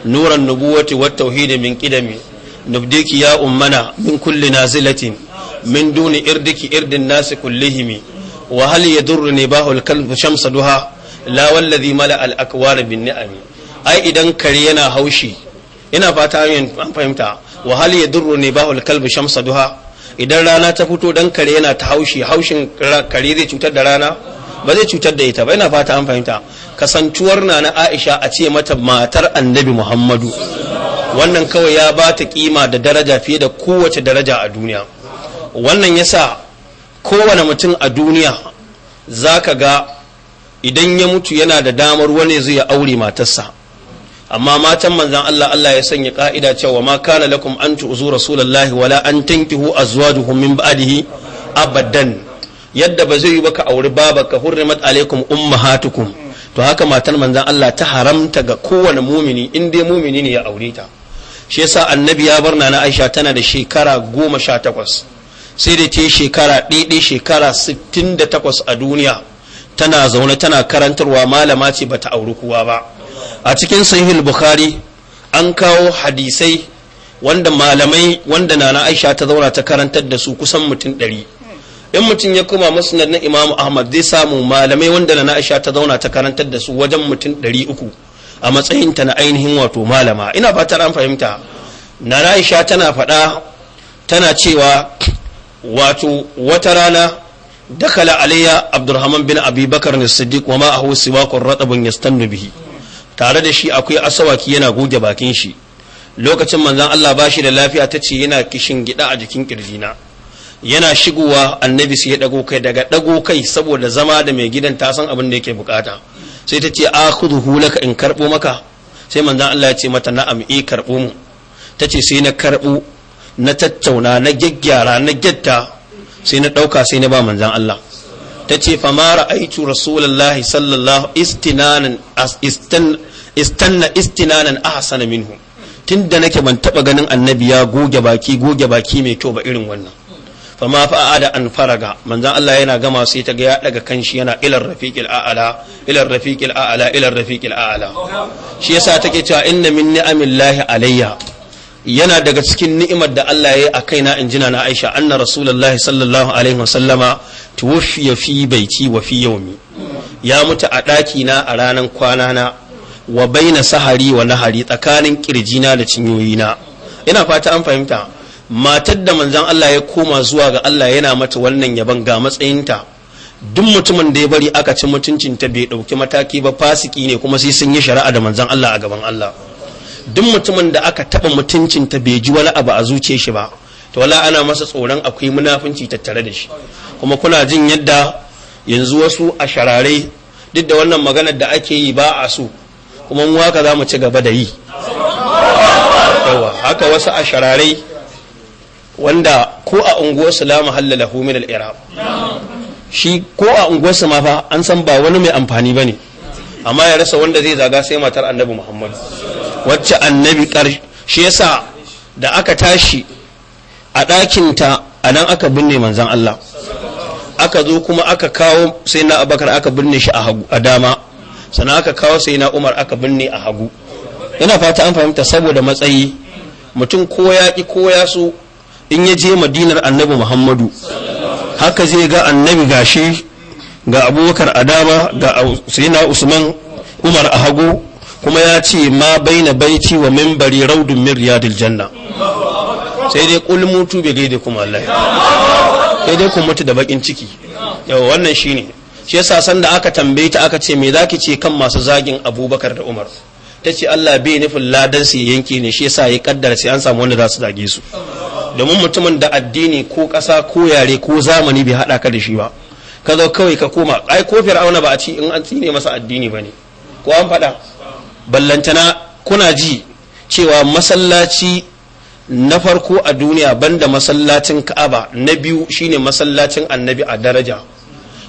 nuran nubuwati wat tauhidi min qidami nubdiki ya ummana min kulli nazilatin min duni irdiki irdin nasi kullihimi wa hal ne nibahul kalbu shamsa duha la wallazi mala al akwar bin ni'ami ai idan kare yana haushi ina fata an fahimta wa hal yadurru bahul kalb shamsa duha idan rana ta fito dan kare yana ta haushi haushin kare zai cutar da rana ba zai cutar da ita ba ina fata an fahimta kasantuwar na na Aisha a ce mata matar Annabi Muhammadu wannan kawai ya ba ta kima da daraja fiye da kowace daraja a duniya wannan yasa kowane mutum a duniya zaka ga idan ya mutu yana da damar wani zai ya aure matarsa amma matan manzan Allah Allah ya sanya ka'ida cewa ma kana lakum an tu'zu rasulullahi wala an tankihu azwajuhum min ba'dihi abadan yadda ba zai yi ba ka auri baba ka hurrimat alaikum ummahatukum to haka matar manzan Allah ta haramta ga kowane mumini in dai mumini ne ya aure ta shi yasa annabi ya bar na Aisha tana da shekara goma sha takwas sai da ta shekara ɗaiɗai shekara sittin da takwas a duniya tana zaune tana karantarwa malama ce bata auri kowa ba a cikin sahihul bukhari an kawo hadisai wanda malamai wanda nana aisha ta zauna ta karantar da su kusan mutum ɗari in mutum ya koma musnad na imamu ahmad zai samu malamai wanda nana aisha ta zauna ta karantar da su wajen mutum ɗari uku a matsayin ta na ainihin wato malama ina fatar an fahimta nana aisha tana faɗa tana cewa wato wata rana dakala علي عبد bin بن ابي بكر الصديق وما هو siwaqun ratabun يستن bihi tare da shi akwai asawaki yana goge bakin shi lokacin manzan Allah ba shi da lafiya ta ce yana kishin gida a jikin kirjina yana shigowa annabi sai ya dago kai daga dago kai saboda zama da mai gidan ta san abin da yake bukata sai ta ce akhudhu laka in karbo maka sai manzan Allah ya ce mata na'am e karbo mu ta ce sai na karbo na tattauna na gyaggyara na gyatta sai na ɗauka sai na ba manzan Allah ta ce fama ra'aitu rasulullahi sallallahu istinanan istinanan ahsana minhu tunda nake ban taɓa ganin annabi ya goge baki goge baki mai kyau ba irin wannan fama da an faraga manzan Allah yana gama sai ta ga ya daga kanshi yana ilar rafiqil a'ala ilar rafiqil a'ala ilar rafiqil a'ala shi yasa take cewa inna min ni'amillahi alayya yana daga cikin ni'imar da Allah ya yi a kaina in jina na Aisha anna Rasulullahi sallallahu alaihi wasallama tuwfiya fi baiti wa fi yawmi ya mutu a ɗaki na a ranar kwana na wa baina sahari wa nahari tsakanin na da na. ina fata an fahimta matar da manzon Allah ya koma zuwa ga Allah yana mata wannan yaban ga matsayinta duk mutumin da ya bari aka ci mutuncin ta bai ɗauki mataki ba fasiki ne kuma sai sun yi shari'a da manzon Allah a gaban Allah duk mutumin da aka taɓa mutuncinta bai ji wani abu a zuce shi ba to wala ana masa tsoron akwai munafunci tattare da shi kuma kuna jin yadda yanzu wasu a sharare duk da wannan maganar da ake yi ba a so kuma mu haka za mu ci gaba da yi haka wasu a sharare wanda ko a unguwarsu su lamu halala homin iraq shi ko a unguwarsu ma fa an san ba wani mai amfani ba ne amma ya rasa wanda zai zaga sai matar annabi muhammad wacce annabi kar shi yasa da aka tashi a ɗakinta a nan aka binne manzan Allah aka zo kuma aka kawo sai na abakar aka binne shi a dama sannan aka kawo sai na umar aka binne a hagu yana fata an fahimta saboda matsayi mutum ko ya ki ko ya so in ya je madinar annabi muhammadu haka zai ga annabi gashi ga abubakar a dama ga sai na usman umar a hagu kuma ya ce ma baina baiti wa mimbari raudun min riyadil janna sai dai kul mutu bi gaida kuma Allah sai dai ku mutu da bakin ciki yau wannan shine shi yasa sanda aka tambaye ta aka ce me zaki ce kan masu zagin Abubakar da Umar ta ce Allah bai nufin ladan su yanke ne shi yasa ya kaddara sai an samu wanda za su zage su domin mutumin da addini ko kasa ko yare ko zamani bai haɗa ka da shi ba ka zo kawai ka koma ai ko fir'auna ba a ci in an tsine masa addini ba ko an faɗa ballantana kuna ji cewa masallaci na farko a duniya banda masallacin ka'aba na biyu shine masallacin annabi a daraja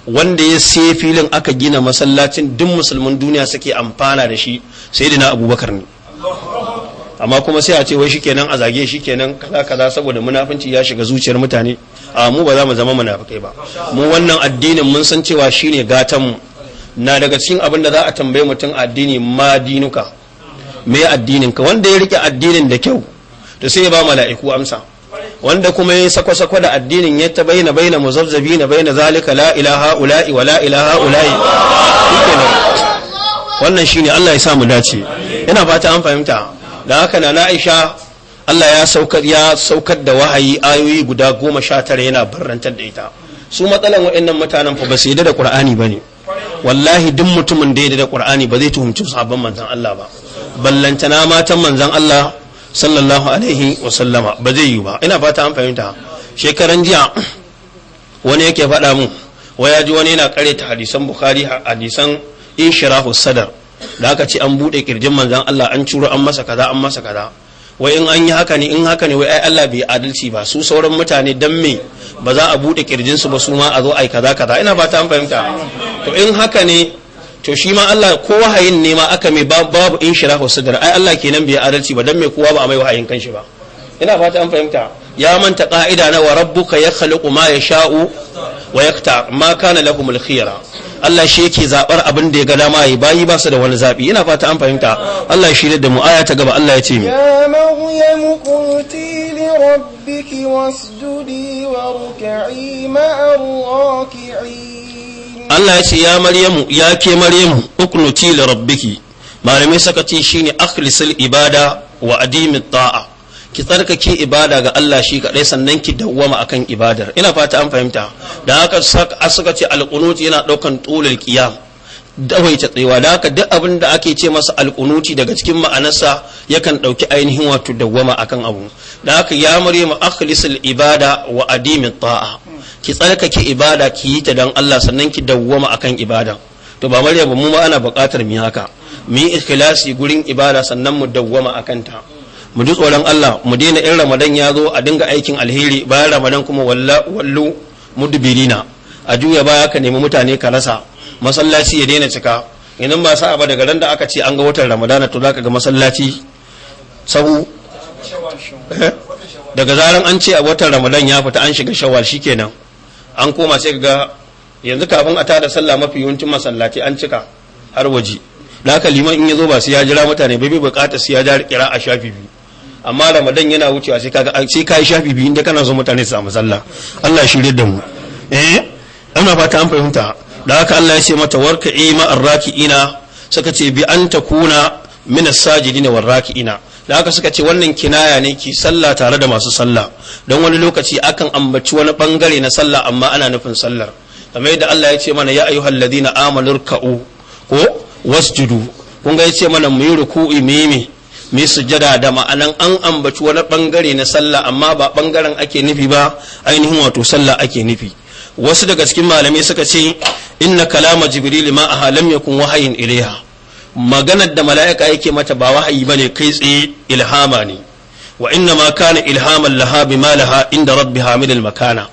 wanda ya sai filin aka gina masallacin duk musulmin duniya suke amfana da shi sai da na abubakar ne amma kuma sai a ce wai shikenan a zage shikenan kaza kaza saboda munafunci ya shiga zuciyar mutane a mu ba za mu zama munafukai ba mu wannan addinin mun san cewa shine gatan mu na daga cikin abin da za a tambaye mutum addini ma dinuka me addinin ka wanda ya rike addinin da kyau to sai ya ba mala'iku amsa wanda kuma ya sako sako da addinin ya ta bayyana bayyana muzabzabi na bayyana zalika la ilaha ula'i wa la ilaha ula'i wannan shine Allah ya sa mu dace ina fata an fahimta da haka na Aisha Allah ya saukar ya saukar da wahayi ayoyi guda goma sha tara yana barrantar da ita su matsalan waɗannan mutanen fa ba su yi da Qur'ani bane wallahi duk mutumin da ya da qur'ani ba zai tuhumci sabon manzan Allah ba ballantana matan manzon Allah sallallahu alaihi wa sallama ba zai yi ba ina fata an fahimta shekaran jiya wani yake faɗa mun waya ji wani yana kare ta hadisan bukhari hadisan inshirahu sadar da aka ce an buɗe kirjin manzon Allah an curo an masa kaza an masa kaza wai in an yi haka ne in haka ne wai ai Allah bai adalci ba su sauran mutane dan me ba za a bude kirjin su ba su ma a zo ai kaza kaza ina ba ta an fahimta to in haka ne to shi ma Allah ko wahayin ne ma aka mai babu in shirahu sadar ai Allah kenan bai adalci ba dan me kowa ba a mai wahayin kanshi ba ina fata an fahimta ya manta ka'ida na wa rabbuka yakhluqu ma yasha'u wa yaqta ma kana lahumul khiyara Allah shi yake zabar abin da ya ga dama yi bayi ba su da wani zabi ina fata an fahimta Allah shi da mu aya ta gaba Allah ya ce mi ya maryamu qulti li rabbiki wasjudi warka'i ma'ar raki'in Allah ya ce ya maryamu ya ke maryamu uknuti li rabbiki malamai sakaci shine akhlisul ibada wa addinin ta'a ki tsarkake ibada ga Allah shi kaɗai sannan ki dawwama akan ibadar ina fata an fahimta da haka suka ce alqunuti yana ɗaukan tulul qiyam dawaita tsewa da haka duk abin da ake ce masa alqunuti daga cikin ma'anarsa yakan ɗauki ainihin wato dawwama akan abu da haka ya mu akhlisul ibada wa adimi ta'a ki tsarkake ibada ki yi ta dan Allah sannan ki dawwama akan ibada to ba maryam mu ma ana buƙatar mi haka mi ikhlasi gurin ibada sannan mu dawwama akan ta mu ji tsoron Allah mu daina in ramadan ya zo a dinga aikin alheri bayan ramadan kuma wallu mudbirina a juya baya ka nemi mutane ka rasa masallaci ya daina cika idan ba sa'a ba daga ran da aka ce an ga watan Ramadan to zaka ga masallaci sahu eh? daga zaran an ce a watan ramadan ya fita an shiga shawal shikenan an koma sai ga yanzu kafin a tada sallah mafi yawancin masallaci an cika har waje da haka liman in ya zo ba sai ya jira mutane bai bai bukata su ya jira a shafi biyu amma ramadan yana wucewa sai kaga sai kai shafi biyu inda kana zo mutane su samu sallah Allah shirye da mu eh ana fata an fahimta da haka Allah ya ce mata warka ima arraki'ina suka ce bi an kuna min as-sajidina warraki'ina da haka suka ce wannan kinaya ne ki sallah tare da masu sallah don wani lokaci akan ambaci wani bangare na sallah amma ana nufin sallar kamar yadda Allah ya ce mana ya ayyuhal ladina amanu ka'u ko wasjudu kun ga ya ce mana mu yi ruku'i mimi mai sujada da ma'anan an ambaci wani bangare na sallah amma ba bangaren ake nufi ba ainihin wato sallah ake nufi wasu daga cikin malamai suka ce inna kalama jibril ma aha yakun wahayin ilaiha maganar da mala'ika yake mata ba wahayi bane kai tsaye ilhama ne wa inna ma kana ilhaman laha bima laha inda rabbi min makana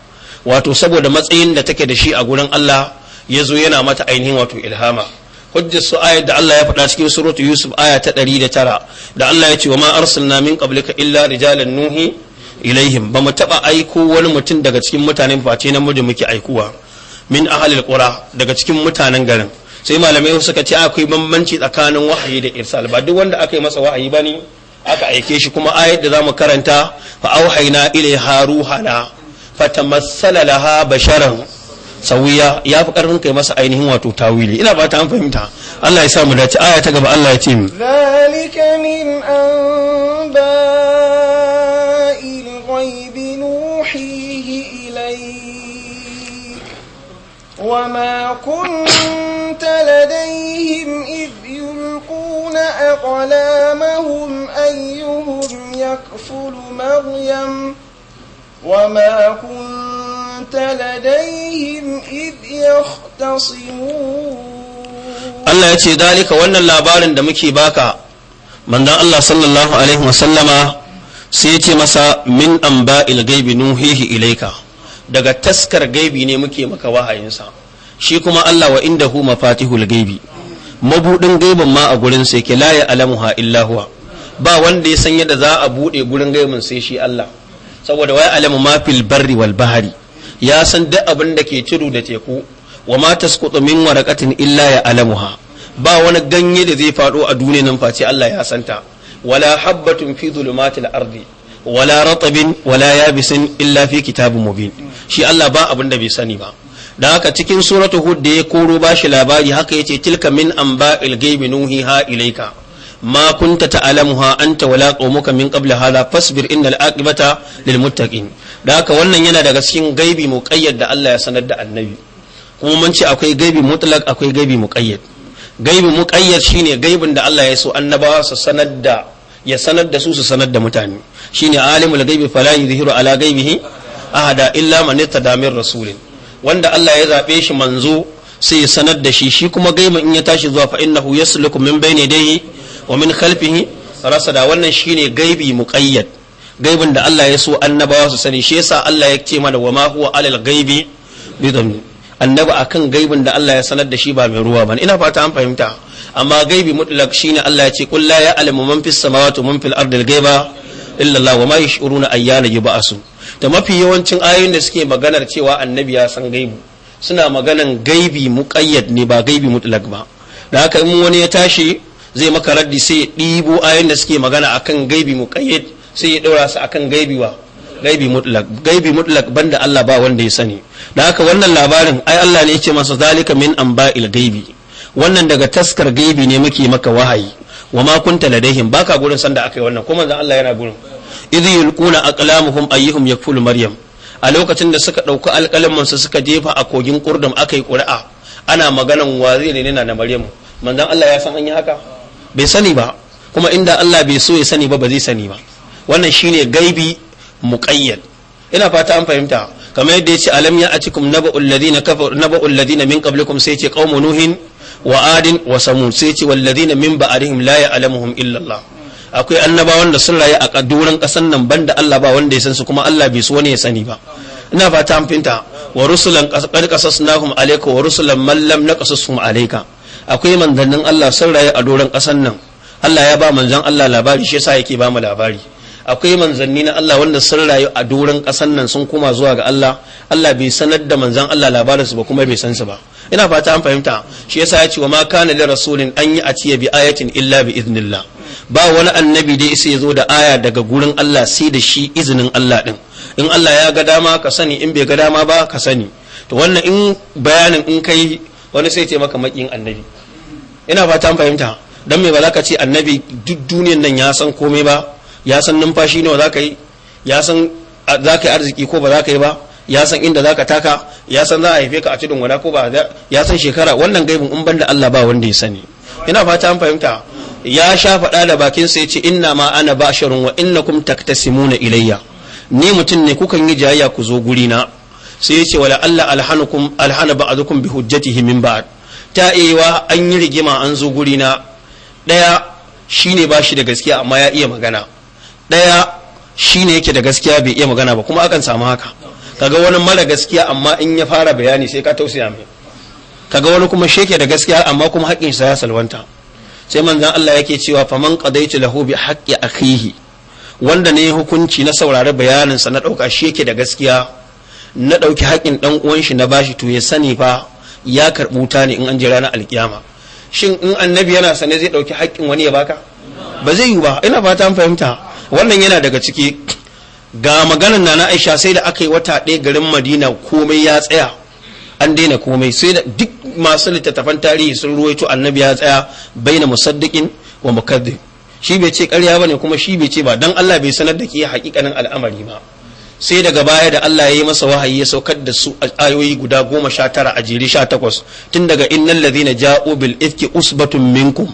wato saboda matsayin da take da shi a gurin Allah yazo yana mata ainihin wato ilhama hujjar su ayar da Allah ya faɗa cikin suratu Yusuf aya ta ɗari da tara da Allah ya ce wa ma arsalna min qablika illa rijalan nuhi ilaihim ba mu taɓa aiko wani mutum daga cikin mutanen face na muji muke aikuwa min ahalil qura daga cikin mutanen garin sai malamai suka ce akwai bambanci tsakanin wahayi da irsal ba duk wanda aka yi masa wahayi bane aka aike shi kuma ayar da zamu karanta fa auhayna ilaiha ruhana fatamassala laha basharan sawiya ya fi karfin kai masa ainihin wato tawili ina ba ta an fahimta Allah ya sa mu dace aya ta gaba Allah ya ce mu zalika min anba'il ghaibi nuhihi ilayk wama kunta ladayhim id yulquna aqlamahum ayyuhum yakfulu maryam wama kunta كنت لديهم إذ يختصمون Allah ya ce dalika wannan labarin da muke baka manzon Allah sallallahu alaihi wasallama sai ce masa min amba'il gaibi nuhihi ilaika daga taskar gaibi ne muke maka wahayinsa shi kuma Allah wa indahu mafatihul gaibi mabudin gaibin ma a gurin sai ke la ya'lamuha illa huwa ba wanda ya san yadda za a bude gurin gaibin sai shi Allah saboda wai alamu ma fil barri wal bahari ya san duk abin da ke tudu da teku wa ma tasqutu min waraqatin illa ya alamuha ba wani ganye da zai faɗo a duniyar nan face Allah ya santa wala habbatun fi zulumatil ardi wala ratabin wala yabisin illa fi kitabin mubin shi Allah ba abin da bai sani ba da haka cikin suratu hud da ya koro ba shi labari haka yace tilka min anba'il ghaibi nuhiha ilayka ma kunta ta'lamuha anta wala qaumuka min qabla hadha fasbir innal aqibata lil muttaqin da haka wannan yana daga cikin gaibi muqayyad da Allah ya sanar da annabi kuma mun ce akwai gaibi mutlak akwai gaibi muqayyad gaibi shi shine gaibin da Allah ya so annabawa su sanar da ya sanar da su su sanar da mutane shine alimul gaibi fala yuzhiru ala gaibihi ahada illa man ittada min rasulin wanda Allah ya zabe shi manzo sai ya sanar da shi shi kuma gaibin in ya tashi zuwa fa innahu yasluku min bayni dai wa min khalfihi rasada wannan shine gaibi muqayyad gaibin da Allah ya so annabawa su sani shi yasa Allah ya ce mana wa ma huwa alal gaibi bi dhammi akan gaibin da Allah ya sanar da shi ba mai ruwa bane ina fata an fahimta amma gaibi mutlak shine Allah ya ce kul la ya'lamu man fis samawati man fil ardi al ghaiba illa Allah wa ma yash'uruna ayyana yub'asu da mafi yawancin ayoyin da suke maganar cewa annabi ya san gaibu suna maganan gaibi muqayyad ne ba gaibi mutlak ba da haka in wani ya tashi zai maka raddi sai ɗibo ayoyin da suke magana akan gaibi muqayyad sai ya ɗora su akan gaibi wa gaibi mutlak gaibi mutlak banda Allah ba wanda ya sani da haka wannan labarin ai Allah ne yake masa zalika min anba'il gaibi wannan daga taskar gaibi ne muke maka wahayi wa ma kunta ladaihim baka gurin sanda akai wannan kuma manzon Allah yana gurin idh yulquna aqlamuhum ayyuhum yakfulu maryam a lokacin da suka ɗauki alkalamin su suka jefa a kogin aka akai ƙuri'a ana maganan wa zai ne na maryam manzon Allah ya san an yi haka bai sani ba kuma inda Allah bai so ya sani ba ba zai sani ba wannan shine gaibi muqayyad ina fata an fahimta kamar yadda yace alam ya atikum naba'ul ladina kafaru naba'ul ladina min qablikum sai yace qaumu nuhin wa adin wa samud sai yace wal ladina min ba'dihim la ya'lamuhum illa Allah akwai annaba wanda sun rayu a kaduran kasan nan banda Allah ba wanda ya san su kuma Allah bai su wani ya sani ba ina fata an finta wa rusulan qasasnahum alayka wa rusulan man lam naqasasuhum alayka akwai manzannin Allah sun rayu a doran kasan nan Allah ya ba manzon Allah labari shi yasa yake ba mu labari akwai manzanni na Allah wanda sun rayu a doron kasan nan sun koma zuwa ga Allah Allah bai sanar da manzan Allah su ba kuma bai san su ba ina fata an fahimta shi yasa ya ce wa ma kana da rasulin an yi atiya bi ayatin illa bi iznillah ba wani annabi dai sai ya zo da aya daga gurin Allah sai da shi izinin Allah din in Allah ya ga dama ka sani in bai ga dama ba ka sani to wannan in bayanin in kai wani sai ce maka makin annabi ina fata an fahimta dan me ba za ka ce annabi duk duniyan nan ya san komai ba ya san numfashi nawa za ka yi ya san za ka yi arziki ko ba za ka yi ba ya san inda za ka taka ya san za a haife ka a cikin wada ko ba ya san shekara wannan gaibin in da Allah ba wanda ya sani ina fata an fahimta ya sha faɗa da bakin sa yace inna ma ana basharun wa innakum taktasimuna ilayya ni mutum ne kukan yi jayayya ku zo guri na sai yace ce wala Allah alhanukum alhana ba'dukum bi hujjatihi min ba'd ta ewa an yi rigima an zo guri na daya shine bashi da gaskiya amma ya iya magana ɗaya ne yake da gaskiya bai iya magana ba kuma akan samu haka kaga wani mara gaskiya amma in ya fara bayani sai ka tausaya mai kaga wani kuma sheke da gaskiya amma kuma haƙƙin sa ya salwanta sai manzon Allah yake cewa faman qadaitu lahu bi haqqi akhihi wanda ne hukunci na saurari bayanin sa na dauka sheke da gaskiya na dauki haƙƙin dan uwan shi na bashi to ya sani fa ya karbu ta ne in an jira na alkiyama shin in annabi yana sane zai dauki haƙƙin wani ya baka ba zai yi ba ina fata an fahimta wannan yana daga ciki ga maganar na aisha sai da aka yi wata ɗaya garin madina komai ya tsaya an daina komai sai da duk masu littattafan tarihi sun ruwaito annabi ya tsaya baina musaddiqin wa mukaddib shi bai ce ƙarya bane kuma shi bai ce ba dan Allah bai sanar da ke hakikanin al'amari ba sai daga baya da Allah ya yi masa wahayi ya saukar da su ayoyi guda goma sha tara a jere sha takwas tun daga innal ladhina ja'u bil ifki usbatun minkum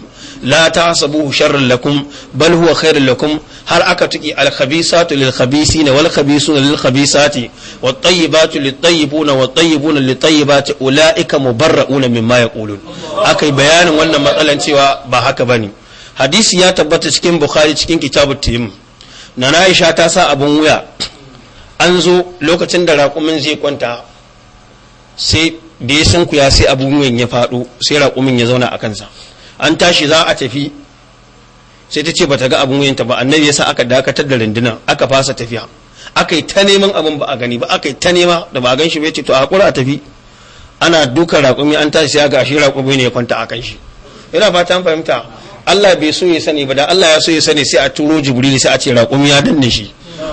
la tahsabuhu sharran lakum bal huwa khairun lakum har aka tuki al khabisatu lil khabisina wal khabisuna lil khabisati wat tayyibatu lit tayyibuna wat tayyibuna lit tayyibati ulaika mubarrauna mimma yaqulun akai bayanin wannan matsalan cewa ba haka bane hadisi ya tabbata cikin bukhari cikin kitabut tayyib na ta sa abun wuya an zo lokacin da raƙumin zai kwanta sai da ya sunkuya sai abun wuyan ya faɗo sai raƙumin ya zauna a kansa an tashi za a tafi sai ta ce bata ga abin wuyanta ba annabi yasa aka dakatar da rundunar aka fasa tafiya aka yi ta neman abin ba a gani ba aka yi ta nema da ba a gan shi ba ce to a hakura a tafi ana dukan raƙumi an tashi sai ga shi raƙumi ne ya kwanta a kan shi ina fata fahimta Allah bai so ya sani ba da Allah ya so ya sani sai a turo Jibril sai a ce raƙumi ya danne shi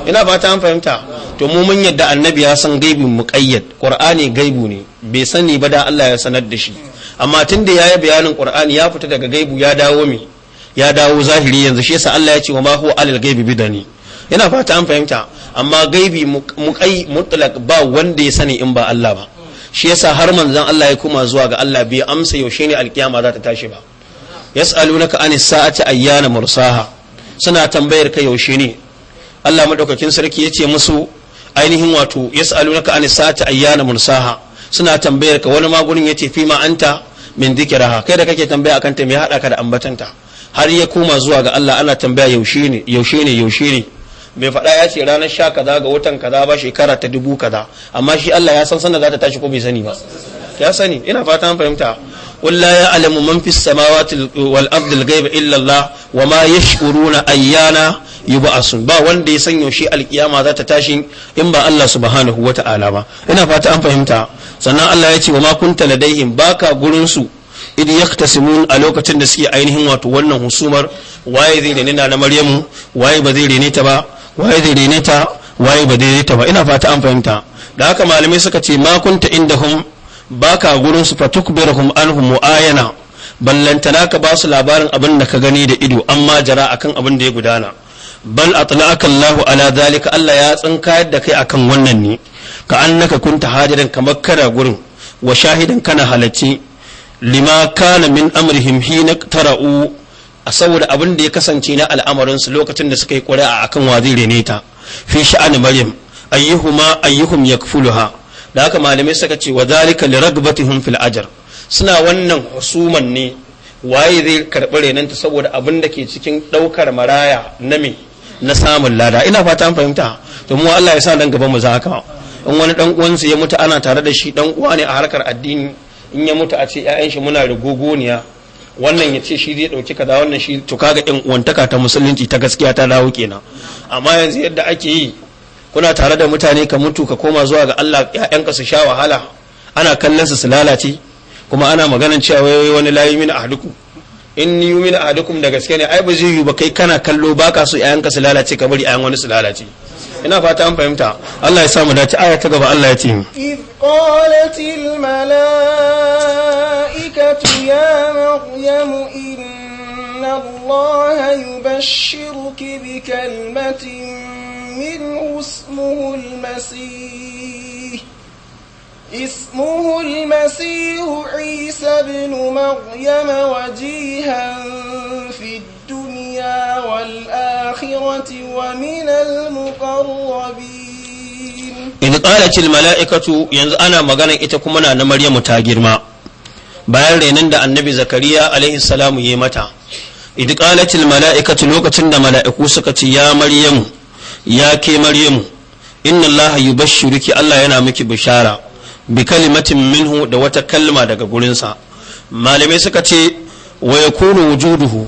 ina fata fahimta to mu mun yadda annabi ya san gaibin muqayyad qur'ani gaibu ne bai sani ba da Allah ya sanar da shi amma tun da yi bayanin qur'ani ya fita daga gaibu ya dawo mi ya dawo zahiri yanzu shi yasa Allah ya ce wa ma huwa alal gaibi bidani yana fata an fahimta amma gaibi muqai mutlaq ba wanda ya sani in ba Allah ba shi yasa har manzon Allah ya kuma zuwa ga Allah bai amsa yaushe ne alkiyama za ta tashi ba yas'alunaka an sa'ati ayyana mursaha suna tambayar ka yaushe ne Allah madaukakin sarki ya ce musu ainihin wato yas'alunaka an sa'ati ayyana mursaha suna tambayar ka wani magunin ce fi ma anta min dhikraha kai da kake tambaya akan ta me hada ka da ambatanta har ya koma zuwa ga Allah ana tambaya yaushe ne yaushe ne yaushe ne Mai faɗa ya ce ranar sha kaza ga watan kaza ba shekara ta dubu kaza amma shi Allah ya san sanda za ta tashi ko bai sani ba ya sani ina fata an fahimta man لا samawati wal ardi al والأرض illa Allah wa ma yashkuruna ayyana yub'asun ba wanda ya san yaushe alkiyama za ta tashi in ba Allah subhanahu wata'ala ba ina fata an fahimta sannan Allah ya ce wa makunta kunta ladaihim baka gurin su id yaktasimun a lokacin da suke ainihin wato wannan husumar waye zai rene na Maryamu waye ba zai rene ta ba waye zai rene ta waye ba zai rene ta ba ina fata an fahimta da haka malamai suka ce makunta kunta indahum baka gurin su fatukbirhum anhum muayana ballantana ka ba su labarin abin da ka gani da ido amma jara akan abin da ya gudana bal atla'aka Allahu ala zalika Allah ya tsinka da kai akan wannan ne ka annaka kunta hadiran kamar kana gurin wa shahidan kana halacci lima kana min amrihim hina tara'u a saboda abin da ya kasance na al'amarin su lokacin da suka yi ƙuri'a akan wa zai rene ta fi sha'ani maryam ayyuhuma ayyuhum yakfuluha da haka malamai suka ce wa zalika li ragbatihim fil ajr suna wannan husuman ne waye zai karɓi renanta saboda abin da ke cikin ɗaukar maraya na me na samun lada ina fata an fahimta domin Allah ya sa nan gaba mu za haka in wani dan uwansa ya mutu ana tare da shi dan uwa ne a harkar addini in ya mutu a ce 'ya'yan shi muna rigogoniya wannan ya ce shi zai dauki kaza wannan shi to kaga in uwantaka ta musulunci ta gaskiya ta dawo kenan amma yanzu yadda ake yi kuna tare da mutane ka mutu ka koma zuwa ga Allah ƴaƴanka su sha wahala ana kallon su su lalace kuma ana maganan cewa wai wani layi min ahduku in yumin ahadukum da gaske ne ai ba zai yi ba kai kana kallo baka so ƴaƴanka su lalace ka bari ƴaƴan wani su lalace ina fata an fahimta Allah ya sa mu dace aya ta gaba Allah ya ce iz qalatil malaikatu ya maryamu inna Allah yubashshiruki bi kalmatin min ismuhu al-masih اسمه المسيح عيسى بن مريم وجيها الأولى والآخرة ومن المقربين إذ قالت الملائكة ينز أنا مغانا إتكمنا نمريا متاجرما bayan renin da annabi zakariya alaihi salamu yi mata idh mala'ikatu lokacin da mala'iku suka ce ya maryamu ya ke maryamu inna allaha yubashshiruki allah yana miki bishara bi kalimatin minhu da wata kalma daga gurinsa malamai suka ce wa yakunu wujuduhu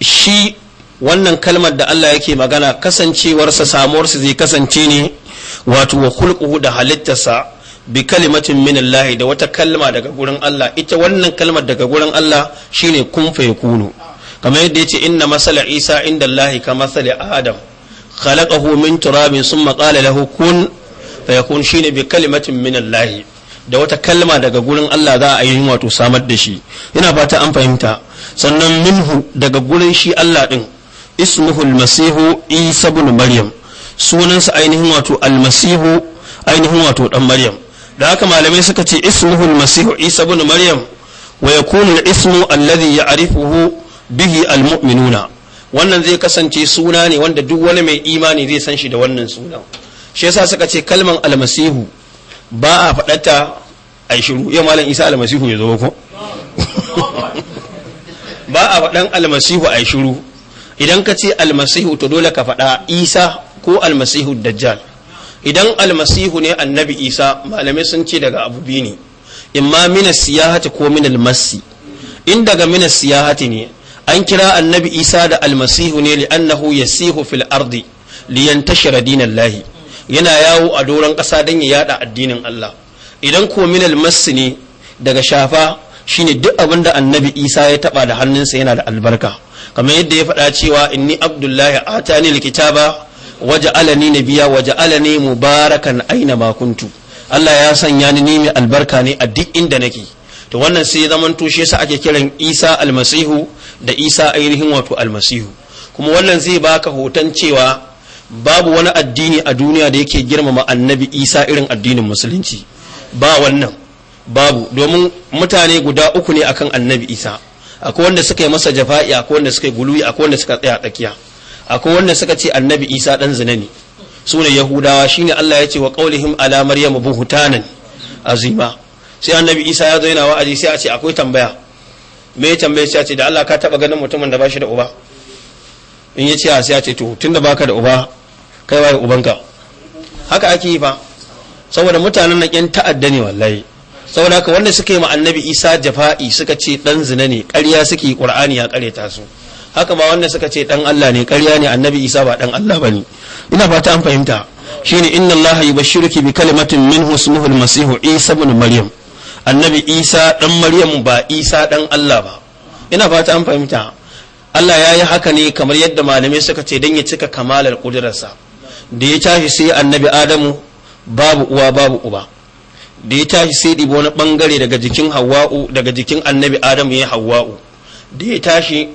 shi wannan kalmar da Allah yake magana kasancewarsa samuwarsa zai kasance ne wato wa khulquhu da halittarsa bi kalimatin min Allah da wata kalma daga gurin Allah ita wannan kalmar daga gurin Allah shine kun fa yakunu kamar yadda yace inna masala Isa inda Allah ka masala Adam khalaqahu min turabin summa qala lahu kun fa yakun shine bi kalimatin min Allah da wata kalma daga gurin Allah za a yi wato samar da shi ina fata an fahimta sannan minhu daga gurin shi Allah din ismuhu almasihu isa ibn maryam sunansa ainihin wato almasihu ainihin wato dan maryam da haka malamai suka ce ismuhu almasihu isa ibn maryam wa yakunu ismu alladhi ya'rifuhu bihi almu'minuna wannan zai kasance suna ne wanda duk wani mai imani zai san shi da wannan sunan shi yasa suka ce kalman almasihu ba a faɗata a shiru ya malam isa almasihu ya zo ko ba a faɗan almasihu a shiru idan ka ce almasihu to dole ka faɗa isa ko almasihu dajjal idan almasihu ne annabi isa malamai sun ce daga abu biyu ne imma mina siyahati ko min almasi in daga mina siyahati ne an kira annabi isa da almasihu ne li ya yasihu fil ardi liyantashira dinallahi yana yawo a doron ƙasa don ya yada addinin Allah idan ko min almasi ne daga shafa shine duk abin da annabi isa ya taba da hannunsa yana da albarka kamar yadda ya faɗa cewa inni abdullahi atani biya waje nabiya waja'alani mubarakan aina makuntu. Allah ya sanya ni ne albarka ne a duk inda nake to wannan sai zaman tushe shi ake kiran Isa almasihu da Isa ainihin wato almasihu kuma wannan zai baka hoton cewa babu wani addini a duniya da yake girmama annabi Isa irin addinin musulunci ba wannan babu domin mutane guda uku ne akan annabi Isa akwai wanda suka yi masa jafa'i akwai wanda suka yi guluyi akwai wanda suka tsaya tsakiya akwai wanda suka ce annabi isa dan zina ne su ne yahudawa shine Allah ya ce wa qaulihim ala maryam buhtanan azima sai annabi isa ya zo yana wa'azi sai a ce akwai tambaya me ya tambaye sai a ce da Allah ka taba ganin mutumin da bashi da uba in ya ce a sai a ce to tunda baka da uba kai waye ubanka haka ake yi fa saboda mutanen na kyan ta'adda ne wallahi saboda haka wanda suka yi ma annabi isa jafa'i suka ce dan zina ne ƙarya suke qur'ani ya ta su haka ma wanda suka ce dan Allah ne ƙarya ne annabi isa ba dan Allah bane ina fata an fahimta shine inna Allah yubashshiruki bi kalimatin minhu ismuhu al-masih isa ibn maryam annabi isa dan maryam ba isa dan Allah ba ina fata an fahimta Allah ya yi haka ne kamar yadda malamai suka ce dan ya cika kamalar kudirarsa da ya tashi sai annabi adamu babu uwa babu uba da ya tashi sai ɗibo na ɓangare daga jikin hawa'u daga jikin annabi adamu ya hawa'u da ya tashi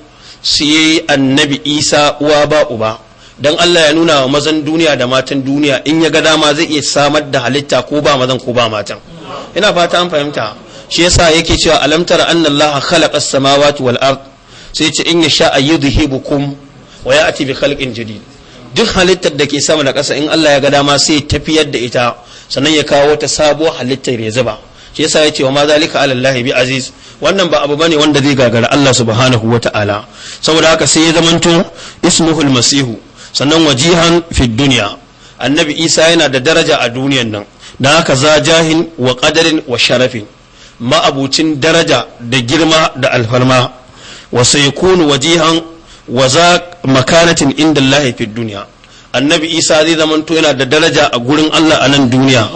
sai yi annabi isa uwa ba uba don allah ya nuna wa mazan duniya da matan duniya in ya ga dama zai iya samar da halitta ko ba mazan ko ba matan ina fata an fahimta shi yasa yake cewa alamtar annallaha khalaqa as-samawati wal ard sai ce in yasha ayyudhibukum wa ya'ti bi khalqin jadid duk halittar da ke sama da ƙasa in allah ya ga dama sai tafiyar da ita sannan ya kawo ta sabuwar halittar ya zuba shi yasa ya ce wa ma zalika alallahi bi aziz wannan ba abu bane wanda zai gagara Allah subhanahu wa ta'ala saboda haka sai ya zamanto ismuhul masihu sannan wajihan fi duniya annabi isa yana da daraja a duniyan nan da haka za jahin wa qadarin wa sharafin ma'abucin daraja da girma da alfarma wa sayakunu wajihan wa za makanatin inda Allah fi duniya annabi isa zai zamanto yana da daraja a gurin allah a nan duniya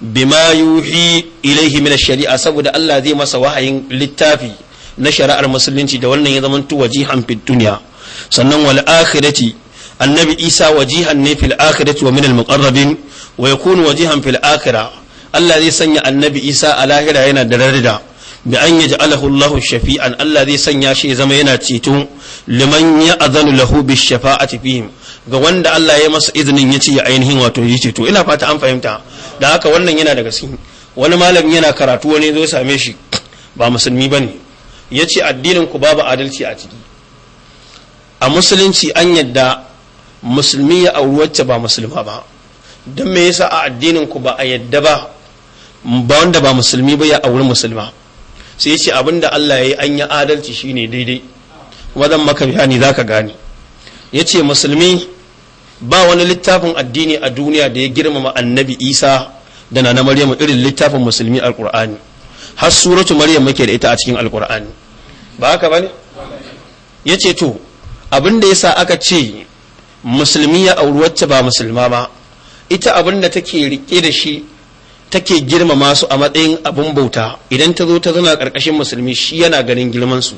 bima yuhi ilaihi min shari'a saboda allah zai masa wahayin littafi na shari'ar musulunci da wannan ya zamanto wajihan duniya sannan wal akhirati annabi isa wajihan ne fil akhirati wa min al muqarrabin wa yakunu wajihan fil akhirah allah zai sanya annabi isa a lahira yana da daraja bi an yi alahullahu shafi'an Allah zai sanya shi zama yana ceto liman ya azanu lahu bi shafa'ati fihim ga wanda Allah ya masa izinin ya ce ya ainihin wato ya yi to ina fata an fahimta da haka wannan yana daga cikin wani malami yana karatu wani zo same shi ba musulmi bane ya addinin ku babu adalci a ciki a musulunci an yadda musulmi ya auri wacce ba musulma ba don me yasa a addinin ku ba a yadda ba ba wanda ba musulmi ba ya auri musulma sai yace ce abinda Allah ya yi an yi adalci shine daidai kuma zan maka bayani zaka gane yace musulmi ba wani littafin addini a duniya da ya girmama annabi isa da na maryamu irin littafin musulmi alkur'ani har suratu maryam muke da ita a cikin alkur'ani ba haka ne? ya ce to abin da sa aka ce musulmi ya auri wacce ba musulma ba ita abin da take rike da shi take girmama su a matsayin abin bauta idan ta zo ta zana karkashin musulmi shi yana ganin girmansu.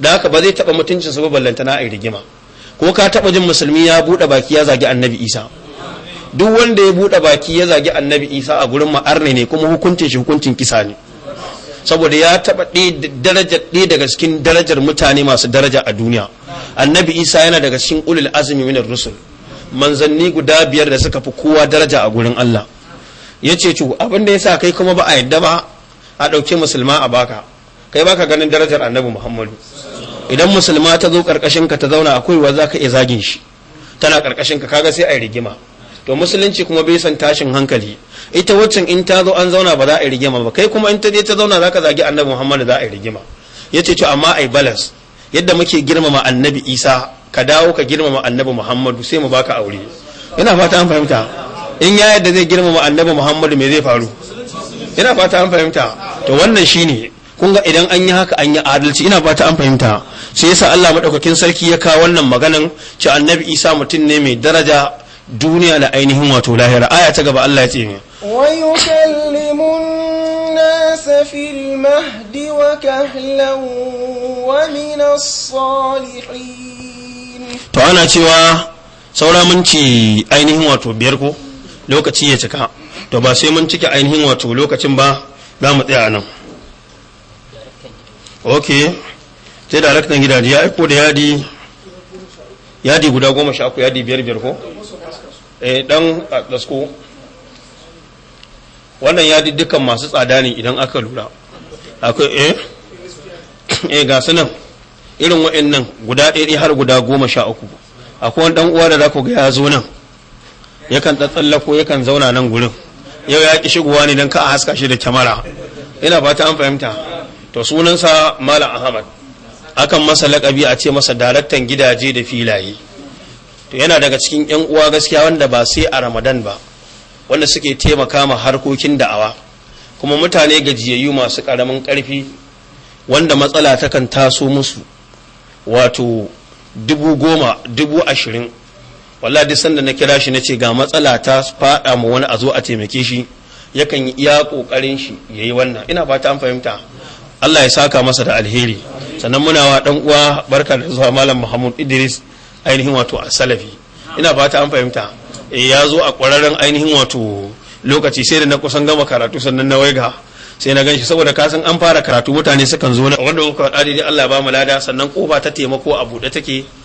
da haka ba zai taba mutuncin su ba ballantana a rigima ko ka taba jin musulmi ya buɗe baki ya zagi annabi isa duk wanda ya buɗe baki ya zagi annabi isa a gurin ma'arne ne kuma hukuncin shi hukuncin kisa ne saboda ya taba daraja ɗaya daga cikin darajar mutane masu daraja a duniya annabi isa yana daga cikin ulul azumi min rusul manzanni guda biyar da suka fi kowa daraja a gurin Allah ya ce cu abin da ya sa kai kuma ba a yadda ba a ɗauke musulma a baka kai baka ganin darajar annabi muhammadu idan musulma ta zo karkashin ka ta zauna akwai wa zaka iya zagin shi tana karkashin ka kaga sai ayi rigima to musulunci kuma bai san tashin hankali ita waccan in ta zo an zauna ba za a yi rigima ba kai kuma in ta je ta zauna zaka zagi annabi Muhammadu za a yi rigima yace to amma ai balas yadda muke girmama annabi Isa ka dawo ka girmama annabi Muhammadu sai mu baka aure ina fata an fahimta in ya yadda zai girmama annabi Muhammadu me zai faru ina fata an fahimta to wannan shine kun ga idan an yi haka an yi adalci ina ta an fahimta sai yasa Allah madaukakin sarki ya kawo wannan maganan ci annabi Isa mutum ne mai daraja duniya da ainihin wato lahira aya ta gaba Allah ya ce ne wa yukallimun nas fil mahdi wa kahlan wa min as-salihin to ana cewa saura mun ci ainihin wato biyar ko lokaci ya cika to ba sai mun cika ainihin wato lokacin ba za mu tsaya nan ok sai da alaktan gidaje ya aiko da yadi yadi guda goma sha ku yadi biyar biyar ko eh dan dasko wannan yadi dukkan masu tsada ne idan aka lura akwai eh eh ga su nan irin nan guda ɗaya har guda goma sha uku akwai wani ɗan uwa da za ku ga ya zo nan yakan tsatsallako yakan zauna nan gurin yau ya ƙi shigowa ne don ka a haska shi da kyamara ina fata an fahimta to sunansa malam ahmad akan masa lakabi a ce masa daraktan gidaje da filaye to yana daga cikin yan uwa gaskiya wanda ba sai a ramadan ba wanda suke taimaka ma harkokin da'awa kuma mutane gajiyayyu masu karamin karfi wanda matsala takan taso musu wato dubu goma dubu ashirin walla duk sanda na kira shi na ce ga matsala ta faɗa ma wani a zo a taimake shi yakan iya ƙoƙarin shi ya yi wannan ina fata an fahimta Allah ya saka masa da alheri sannan muna wa dan uwa barka da zuwa malam Muhammad Idris ainihin wato a salafi ina fata an fahimta eh, ya zo a ƙwararren ainihin wato lokaci sai da na kusan gama karatu sannan na waiga sai na ganshi saboda kasan an fara karatu mutane sukan zo na wanda kuka faɗa daidai Allah ba mu lada sannan kofa ta taimako a buɗe take